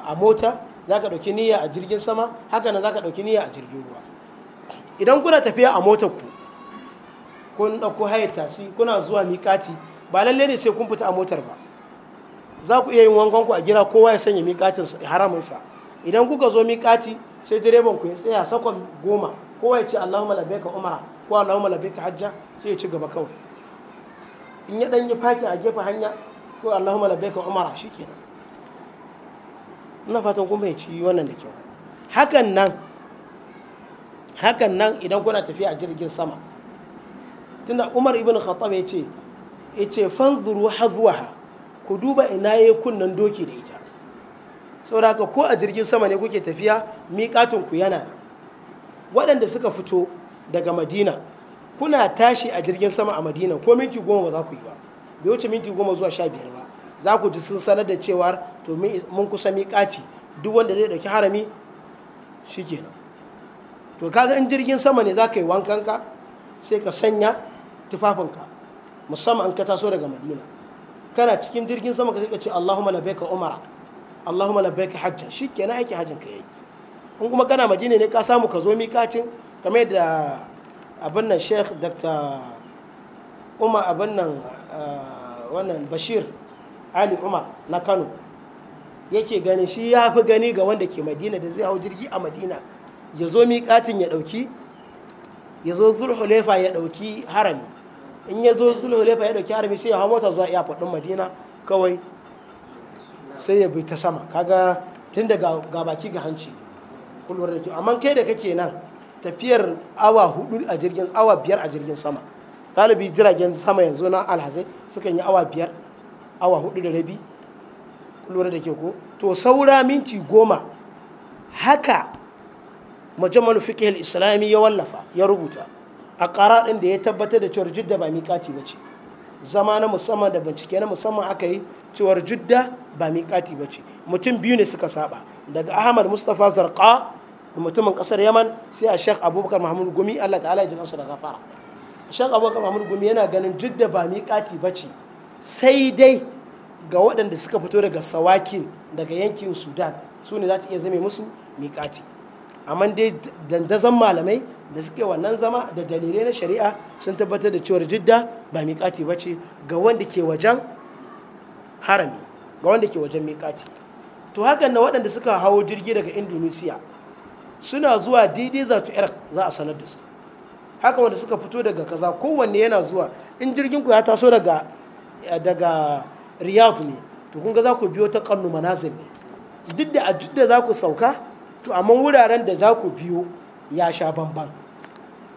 a mota za ka ɗauki niyya a jirgin sama haka nan za ka ɗauki niyya a jirgin ruwa idan kuna tafiya a motar ku kun ɗauko hayar tasi kuna zuwa miƙati ba lalle ne sai kun fita a motar ba za ku iya yin wankan ku a gida kowa ya sanya miƙatin haraminsa idan kuka zo miƙati sai direban ku ya tsaya sakon goma kowa ya ce Allahumma labbaika umara ko Allahumma labbaika hajja sai ya ci gaba kawai in ya dan yi faki a gefen hanya ko Allahumma labbaika umara shikenan ina fatan kun ci wannan da kyau hakan nan hakan nan idan kuna tafiya a jirgin sama tunda Umar ibn Khattab ya ce ya ce fanzuru ha, ku duba ina ya kunnan doki da ita saboda haka ko a jirgin sama ne kuke tafiya miƙatun ku yana nan waɗanda suka fito daga madina kuna tashi a jirgin sama a madina ko minti goma ba za ku yi ba bai wuce minti goma zuwa sha biyar ba za ku ji sun sanar da cewa to mun kusa miƙaci duk wanda zai ɗauki harami shi kenan to kaga in jirgin sama ne za ka yi wankanka sai ka sanya tufafinka musamman an ka taso daga madina kana cikin jirgin sama ka sai ka ce allahumma labbaika umara allahumma labbaika hajja shi kenan aiki hajjin ka yi. in kuma kana madina ne ka samu ka zo miƙacin kamar da abin nan sheikh dr umar abin nan ah, wannan bashir ali umar na kano yake gani shi ya fi gani ga wanda ke madina da zai hau jirgi a madina ya zo miƙatin ya ɗauki ya zo zulhulefa ya ɗauki harami in ya zo zulhulefa ya ɗauki harami sai ya hau mota zuwa airport ɗin madina kawai sai ya bi ta sama kaga tun daga baki ga hanci kulwar da amma kai da kake nan tafiyar awa hudu a jirgin awa biyar a jirgin sama galibi jiragen sama yanzu na alhazai sukan yi awa biyar awa hudu da rabi kulwar da ke ko to saura minti goma haka majamal fiqh islami ya wallafa ya rubuta a ƙara ɗin da ya tabbatar da cewar jidda ba miƙati ba ce zama na musamman da bincike na musamman aka yi cewar jidda ba miƙati ba ce mutum biyu ne suka saba daga ahmad mustapha zarqa mutumin kasar yaman sai a shek abubakar mahmud gumi allah ta'ala ya ji da gafara shek abubakar mahmud gumi yana ganin jidda ba miƙati ba ce sai dai ga waɗanda suka fito daga sawakin daga yankin sudan su ne za ta iya zame musu miƙati amma dai dandazon malamai da suke wannan zama da dalilai na shari'a sun tabbatar da cewar jidda ba miƙati ba ce ga wanda ke wajen harami ga wanda ke wajen miƙati to hakan na waɗanda suka hawo jirgi daga indonesia suna zuwa daidai za to iraq za a sanar da su haka wanda suka fito daga kaza kowanne yana zuwa in jirgin ku ya taso daga daga riyadh ne to kun ga za ku biyo ta kannu manazil ne duk da a da za ku sauka to amma wuraren da za ku biyo ya sha bamban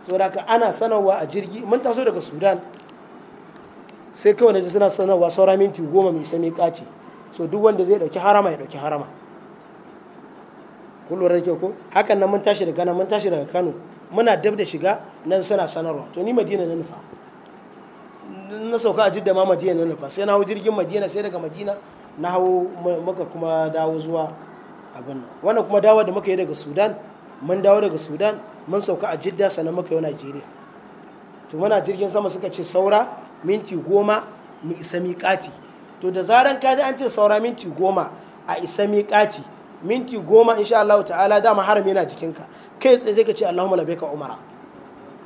saboda ana sanarwa a jirgi mun taso daga sudan sai kawai na suna sanarwa saura minti goma mai sami kati. so duk wanda zai dauki harama ya dauki harama kun lura da ko hakan nan mun tashi daga nan mun tashi daga Kano muna dab da shiga nan suna sanarwa to ni Madina na nufa na sauka a Jidda ma Madina na nufa sai na hau jirgin Madina sai daga Madina na hau muka kuma dawo zuwa abin nan wannan kuma dawo da muka yi daga Sudan mun dawo daga Sudan mun sauka a Jidda sannan muka yi Najeriya to muna jirgin sama suka ce saura minti goma mu isa miƙati to da zaran ka ji an ce saura minti goma a isa miƙaci minti goma insha Allah ta'ala dama harami yana jikinka kai tsaye ka ce Allahumma labbaika umara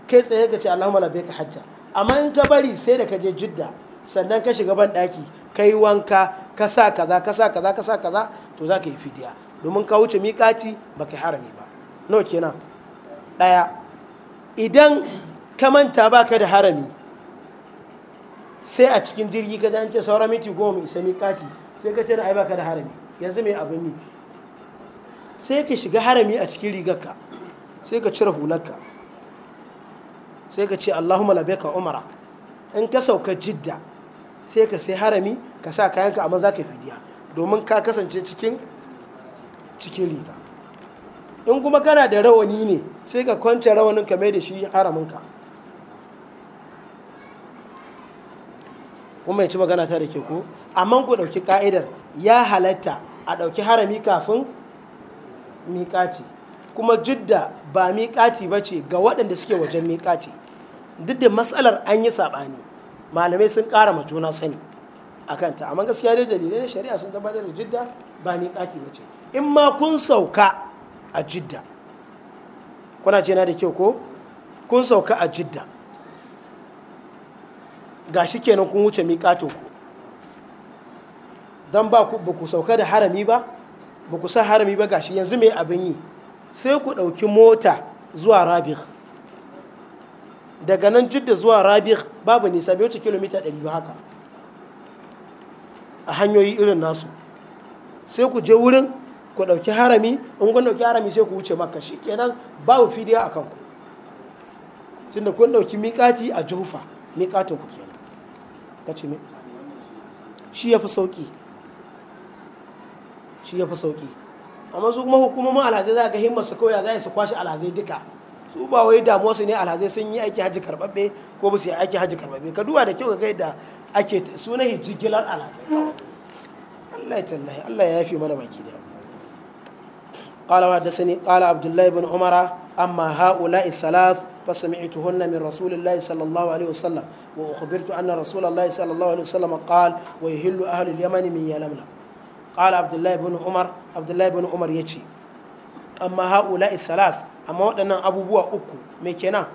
kai tsaye ka ce Allahumma labbaika hajja amma in ka bari sai da ka je jidda sannan ka shiga ban daki kai wanka ka sa kaza ka sa kaza ka sa kaza to za ka yi fidiya domin ka wuce miƙaci ba ka harami ba nawa kenan ɗaya idan ka manta ba ka da harami sai a cikin jirgi ka an ce saura miti goma mai isa miƙati sai ka tana ai baka da harami yanzu mai abin ne sai ka shiga harami a cikin rigarka sai ka cire hularka sai ka ce Allahumma ka umara in ka sauka jidda sai ka sai harami ka sa kayanka amma za ka fidiya domin ka kasance cikin cikin riga in kuma kana da rawani ne sai ka kwance rawanin ka mai da shi haraminka kuma yanci magana ta da ke ku amma ku ɗauki ka'idar ya halatta a ɗauki harami kafin miƙaci kuma jidda ba miƙati ba ce ga waɗanda suke wajen miƙaci duk da matsalar an yi saɓani malamai sun ƙara ma juna sani a kanta amma gaskiya dai dalilai na shari'a sun tabbatar da jidda ba miƙati ba ce in ma kun sauka a jidda kuna ce na da kyau ko kun sauka a jidda ga shi kenan kun wuce miƙatinku don ba ku sauka da harami ba ba ku sa harami ba ga shi yanzu mai abin yi sai ku ɗauki mota zuwa rabir daga nan jidda zuwa rabir babu nisa bai wuce kilomita 100 haka a hanyoyi irin nasu sai ku je wurin ku ɗauki harami in kun ɗauki harami sai ku wuce maka shi kenan babu fidiya a kanku tunda kun ɗauki miƙati a jufa miƙatin ku kenan ka ce shi ya fi sauki shi ya fi sauki amma su kuma hukumomin alhazai za a ga himmar su kawai za a su kwashe alhazai duka su ba wai damuwa su ne alhazai sun yi aiki hajji karbabbe ko ba su yi aiki hajji karbabbe ka duba da kyau ga da ake suna jigilar alhazai Allah ya tallahi Allah ya yafi mana baki da قال وحدثني قال عبد الله بن عمر أما هؤلاء الثلاث فسمعتهن من رسول الله صلى الله عليه وسلم وأخبرت أن رسول الله صلى الله عليه وسلم قال ويهل أهل اليمن من يلملم قال عبد الله بن عمر عبد الله بن عمر يجي أما هؤلاء الثلاث أما ودنا أبو بوا أكو مكينا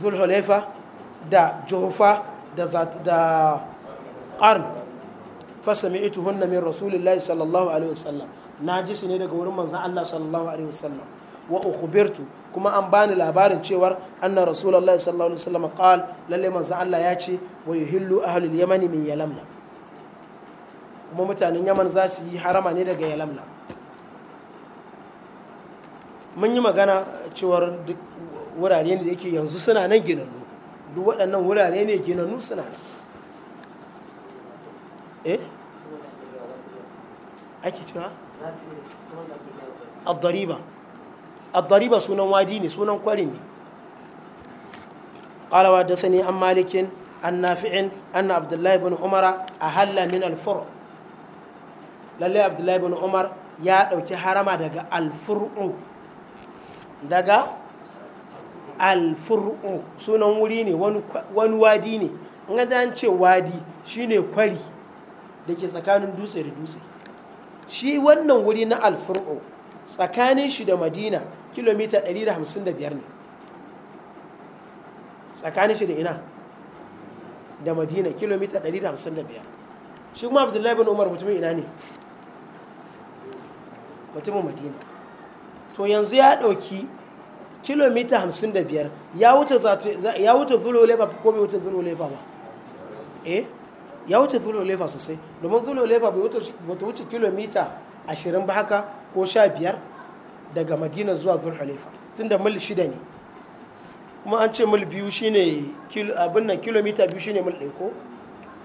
ذو الحليفة دا جهفة دا, دا قرن فسمعتهن من رسول الله صلى الله عليه وسلم ناجس ne daga wurin manzon Allah sallallahu alaihi wasallam wa ukhbirtu kuma an bani labarin cewar anna rasulullahi sallallahu alaihi wasallam qal lalle manzon Allah ya ce wa yuhillu ahlul yamani min yalamna kuma mutanen yaman za su yi harama ne daga yalamna mun yi magana cewar duk wurare ne da yake yanzu suna nan ginannu duk waɗannan wurare ne ginannu suna nan eh ake cewa الضريبه الضريبه سنن واديني سنن قريني قال وحدثني عن مالك عن نافع ان عبد الله بن عمر اهل من الفر لله عبد الله بن عمر يا دوكي حرمه دغا الفرع دغا الفرع سنن wuri ne wani wadi ne in ga an ce wadi shine kwari da ke tsakanin dutse da dutse shi wannan wuri na alfur'o tsakanin shi da madina kilomita 155 ne tsakanin shi da ina da madina kilomita 155 shi kuma abdullahi bin umar mutumin ina ne mutumin madina to yanzu ya ɗauki kilomita 55 ya wuce leba ko bai wuce leba ba eh ya wuce leba sosai domin leba bai wuce kilomita ashirin ba haka ko sha biyar daga madina zuwa zuwa halifa tun da mil shida ne kuma an ce mil biyu shine abin nan kilomita biyu shi ne mil ɗaya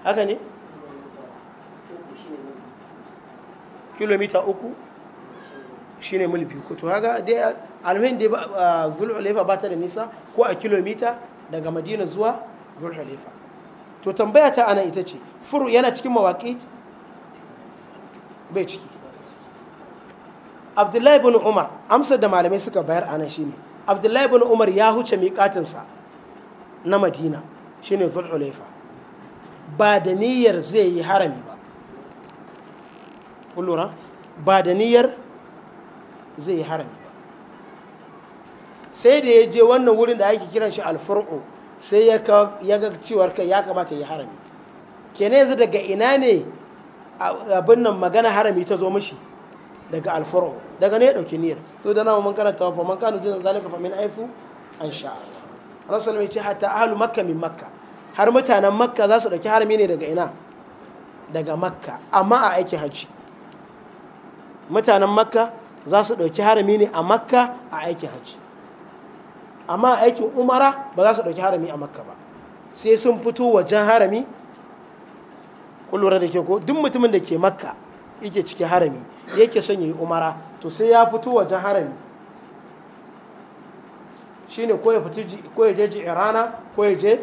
haka ne kilomita uku shi ne mil biyu kuto haka dai almin zuwa halifa ba ta da nisa ko a kilomita daga madina zuwa zuwa halifa to tambaya ta ana ita ce furu yana cikin mawaƙi bai ciki abdullahi bin umar amsar da malamai suka bayar a nan shine abdullahi bin umar ya huce miƙatinsa na madina shine zulhulaifa ba da niyyar zai yi harami ba kullura ba da niyyar zai yi harami ba sai da ya je wannan wurin da ake kiran shi alfur'u sai ya ga cewar kai ya kamata ya harami kenan yanzu daga ina ne abin nan magana harami ta zo mishi daga alfaro daga ne ya dauki niyyar so da nawa mun karanta wa man kanu dun zalika fa min aifu an sha rasul mai ce hatta ahlu makka min makka har mutanen makka za su dauki harami ne daga ina daga makka amma a aiki hajji mutanen makka za su dauki harami ne a makka a aiki hajji amma a aikin umara ba za su dauki harami a makka ba sai sun fito wajen harami kullum da ke ko duk mutumin da ke makka yake cikin harami yake son yi umara to sai ya fito wajen harami shi ne fito ko ya je jirana ko ya je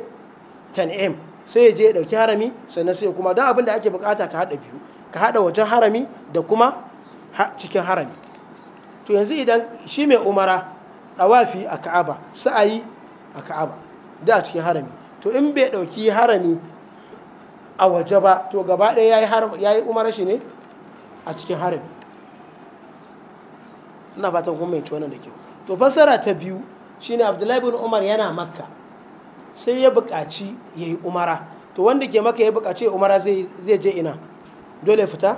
tan'im sai ya je ya dauki harami sannan sai kuma don abin da ake bukata ka hada biyu ka hada wajen harami da kuma cikin harami to yanzu idan shi mai umara dawafi a ka'aba sa'ayi a ka'aba da a cikin harami to in bai dauki harami a waje ba to gaba ɗaya ya yi umara shi ne a cikin harami ina fatan kun mai wannan da kyau to fassara ta biyu shine abdullahi bin umar yana makka sai ya buƙaci ya yi umara to wanda ke maka ya buƙaci ya umara zai je ina dole ya fita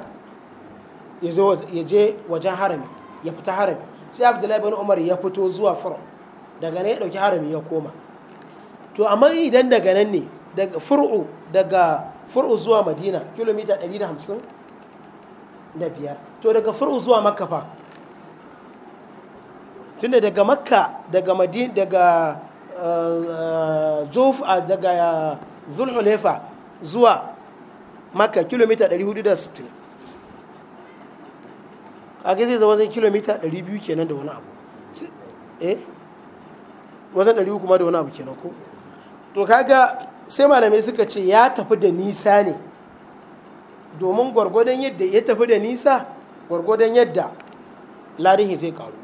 ya je wajen harami ya fita harami sai abdullahi bin umar ya fito zuwa furo daga nan ya ɗauki harami ya koma to amma idan daga nan ne daga fur'u daga fur'u zuwa madina kilomita 155 to daga fur'u zuwa makka fa tunda daga makka daga madin daga a uh, uh, uh, daga zulhulefa zuwa makka kilomita 460 kage zai zama wajen kilomita 200 kenan da wani abu eh wajen 300 kuma da wani abu kenan ko to kaga sai malamai suka ce ya tafi da nisa ne domin gwargwadon yadda ya tafi da nisa gwargwadon yadda larihi zai karu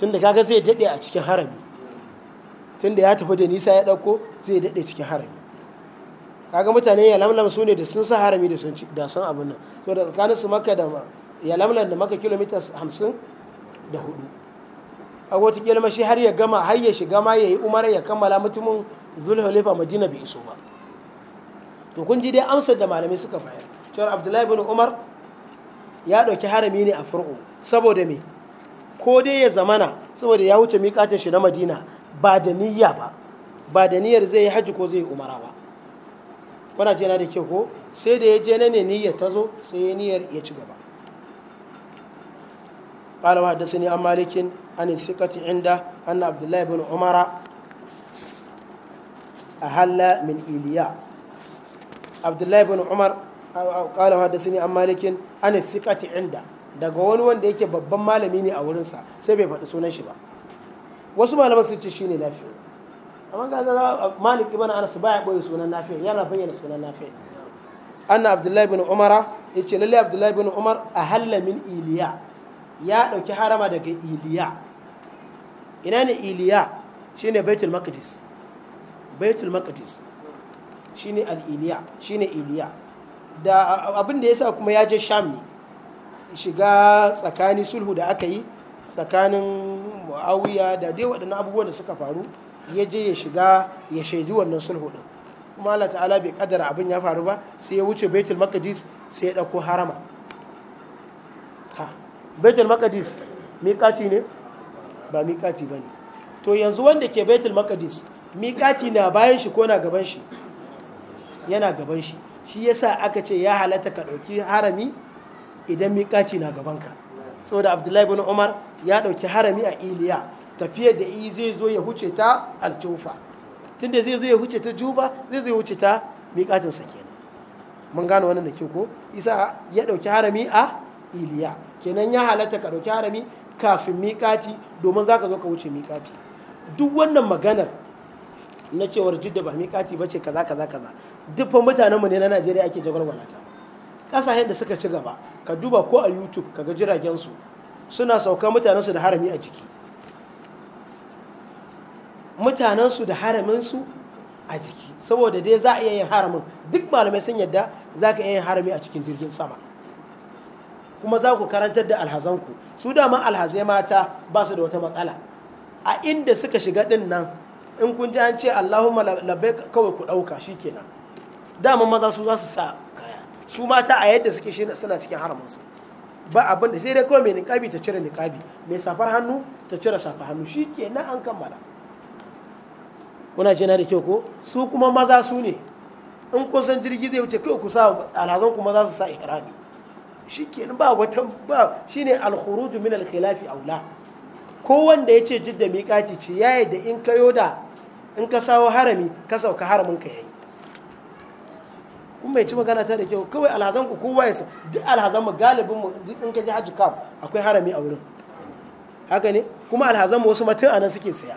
tunda kaga zai daɗe a cikin harami tunda ya tafi da nisa ya ɗauko zai daɗe cikin harami kaga mutane ya lamlam su ne da sun sa harami da sun da sun abin nan so da tsakanin su maka da ya lamlam da maka kilomita hamsin da hudu a wata kilma shi har ya gama har ya shiga ma yayi yi umara ya kammala mutumin zulhulifa madina bai iso ba to kun ji dai amsar da malamai suka bayar cewa abdullahi bin umar ya ɗauki harami ne a fur'u saboda me ko dai ya zamana saboda ya wuce miƙatin shi na madina ba da niyya ba ba da niyyar zai yi hajji ko zai yi umara ba kuna jena da ke ko sai da ya je na ne niyyar ta zo sai ya niyyar ya ci gaba قال وحدثني عن مالك عن الثقة عنده أن عبد الله بن عمر أهل من إيليا عبد الله بن عمر قال وحدثني عن مالك عن الثقة عنده daga wani wanda yake babban malami ne a wurinsa sai bai faɗi sunan shi ba wasu malaman sun ce shi shine nafi amma ga ga malik ibn anas baya boye sunan nafi yana bayyana sunan nafi anna abdullahi bin umara yace lalle abdullahi bin umar ahalla min iliya ya dauki harama daga iliya ina ne iliya shine baitul maqdis baitul maqdis shine al iliya shine iliya da abin da yasa kuma ya je sham ne shiga tsakani sulhu da aka yi tsakanin muawiya da dai waɗannan abubuwan da suka faru ya je ya shiga ya shaidi wannan sulhu din kuma Allah ta'ala bai kaddara abin ya faru ba sai ya wuce baitul maqdis sai ya dauko harama ha baitul maqdis miƙati ne ba miƙati bane to yanzu wanda ke baitul maqdis miƙati na bayan shi ko na gaban shi yana gaban shi shi yasa aka ce ya halatta ka dauki harami idan miƙaci na gabanka saboda abdullahi bin umar ya ɗauki harami a iliya tafiyar da iyi zai zo ya huce ta aljufa tunda zai zo ya huce ta juba zai zo ya huce ta miƙacin sa kenan mun gane wannan da ke ko isa ya ɗauki harami a iliya kenan ya halatta ka ɗauki harami kafin miƙaci domin za ka zo ka wuce miƙaci duk wannan maganar na cewar jidda ba miƙaci ba ce kaza kaza kaza duk fa mutanenmu ne na najeriya ake jagwalgwala ta ƙasashen da suka ci gaba ka duba ko a youtube ka ga su. suna sauka mutanensu da harami a jiki mutanensu da haraminsu a jiki saboda dai za a iya yin haramin duk malamai sun yadda za ka iya yin harami a cikin jirgin sama kuma za ku karantar da alhazanku su dama alhazai mata ba su da wata matsala a inda suka shiga din nan in kun ji an ce allahumma Labai kawai ku ɗauka shikenan dama maza su za su sa su mata a yadda suke shi suna cikin haramunsu ba abin da sai dai kawai mai niƙabi ta cire niƙabi mai safar hannu ta cire safar hannu shi ke nan an kammala kuna ce na da kyau ko su kuma maza su ne in kun san jirgi zai wuce kai ku sa alhazan kuma za su sa ihrami shi ke ba wata ba shine al-khuruj min al-khilafi aula ko wanda ya ce jidda miƙati ce ya yi da in ka da in ka sawo harami ka sauka haramin ka yayi kuma mai ci magana ta da kyau kawai alhazan ku kowa ya duk alhazan mu galibin mu in ka je hajji kam akwai harami a wurin haka ne kuma alhazan mu wasu matun anan suke saya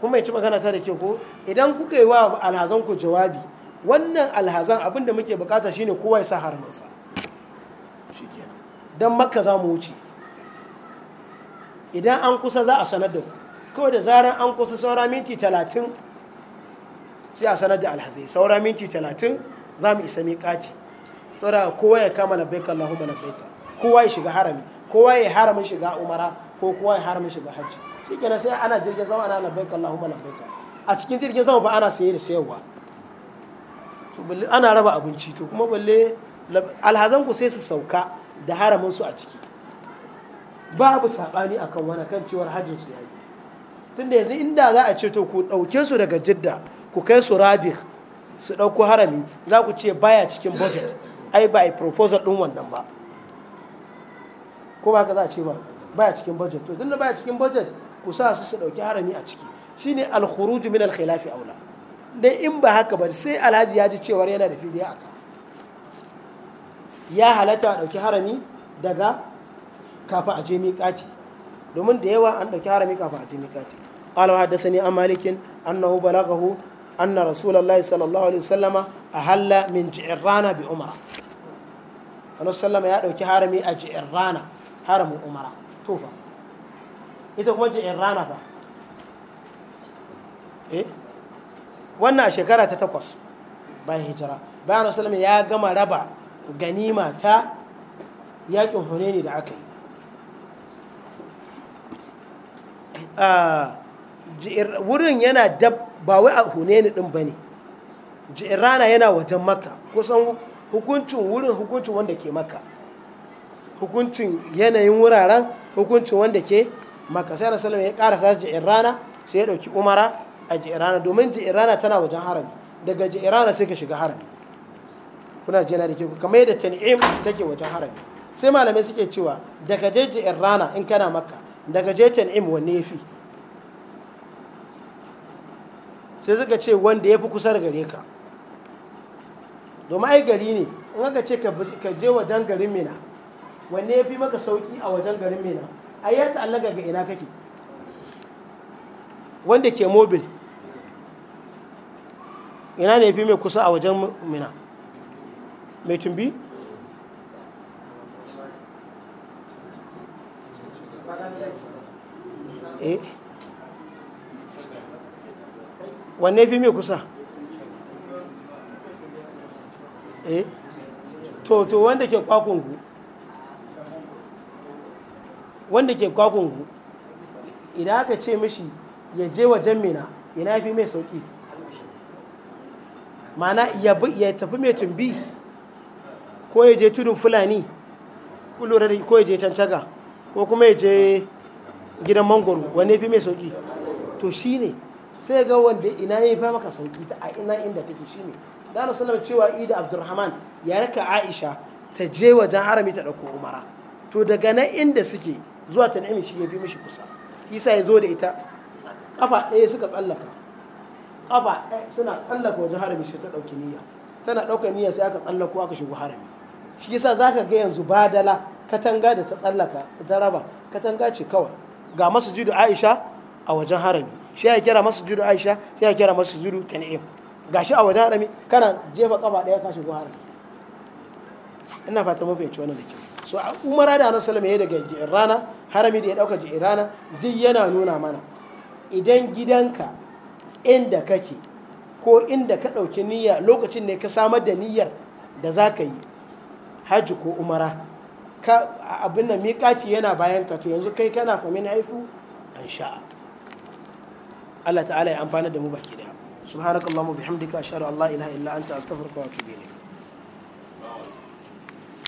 kuma mai ci magana ta da kyau ko idan kuka yi wa alhazan ku jawabi wannan alhazan abinda muke bukata shine kowa ya sa haramin sa shikenan dan makka za mu wuce idan an kusa za a sanar da ku kawai da zaran an kusa saura minti talatin sai a sanar da alhazai saura minti talatin za mu isa kaci saura kowa ya kama labbaika Allahumma labbaika kowa ya shiga harami kowa ya haramin shiga umara ko kowa ya haramin shiga hajji shi kenan sai ana jirgin sama ana labbaika Allahumma labbaika a cikin jirgin sama ba ana saye da sayarwa to balle ana raba abinci to kuma balle alhazan ku sai su sauka da haramin su a ciki babu sabani akan wani kan cewar hajjin su yayi tunda yanzu inda za a ce to ku dauke su daga jidda ku kai su rabih su ɗauko harami za ku ce baya cikin budget ai ba a proposal ɗin wannan ba ko ba ka za a ce ba baya cikin budget to da baya cikin budget ku sa su su ɗauki harami a ciki shine al-khuruj min al-khilafi aula dan in ba haka ba sai alhaji ya ji cewar yana da fidiya aka ya halatta a ɗauki harami daga kafa a je miƙaci domin da yawa an ɗauki harami kafa a je miƙaci قال وحدثني عن مالك أنه بلغه anna rasulullahi sallallahu alaihi wasallama ahalla min ji'irrana bi umara annabi sallama ya dauki harami a ji'irrana haramin umara to ita kuma ji'irrana fa wannan a shekara ta takwas bayan hijira bayan annabi ya gama raba ganima ta yakin huneni da aka yi wurin yana dab ba wai a hunaini din ba ne ji'irana yana wajen makka kusan hukuncin wurin hukuncin wanda ke makka hukuncin yanayin wuraren hukuncin wanda ke makka sai rasulun ya karasa ji'irana sai ya dauki umara a ji'irana domin ji'irana tana wajen harami daga ji'irana sai ka shiga harami kuna jina da ke kamar yadda tan'im take wajen harami sai malamai suke cewa daga je ji'irana in kana makka daga je tan'im wanne ya fi sai suka ce wanda ya fi kusa da gare ka domin ai gari ne in aka ce ka je wajen garin mina wanne ya fi maka sauki a wajen garin mina ai ya ta'allaka ga ina kake wanda ke mobil ina ne ya fi mai kusa a wajen mina mai tumbi eh wanne fi mai kusa eh to to wanda ke kwakungu wanda ke kwakungu idan aka ce mishi ya je wajen mina ina fi mai sauki mana ya tafi mai tumbi ko ya je tudun fulani ko ya je cancaga ko kuma ya je gidan mangoro wanne fi mai sauki to shi ne sai ga wanda ina ya fa maka sauki ta a ina inda take shine da na sallama cewa ida abdurrahman ya raka aisha ta je wajen harami ta dauko umara to daga nan inda suke zuwa na'imi shi ya fi mishi kusa isa ya zo da ita kafa ɗaya suka tsallaka kafa ɗaya suna tsallaka wajen harami shi ta ɗauki niyya tana ɗauka niyya sai aka tsallako aka shigo harami shi yasa zaka ga yanzu badala katanga da ta tsallaka ta raba katanga ce kawai ga masu judu aisha a wajen harami sai ya kira masu judu aisha sai ya kira masu judu tan'im gashi a wajen harami kana jefa kafa daya ka ko harami ina fata mafi yanci wannan da ke so a umara da annabi sallallahu alaihi daga ji'in rana harami da ya dauka ji'in rana duk yana nuna mana idan gidanka inda kake ko inda ka dauki niyya lokacin ne ka samar da niyyar da za ka yi hajji ko umara ka abin nan miƙaci yana bayan ka to yanzu kai kana famin haifu an sha'a Allah ta'ala ya amfana da mu baki daya subhanakallahumma bihamdika ashhadu an la ilaha illa anta astaghfiruka wa atubu ilayk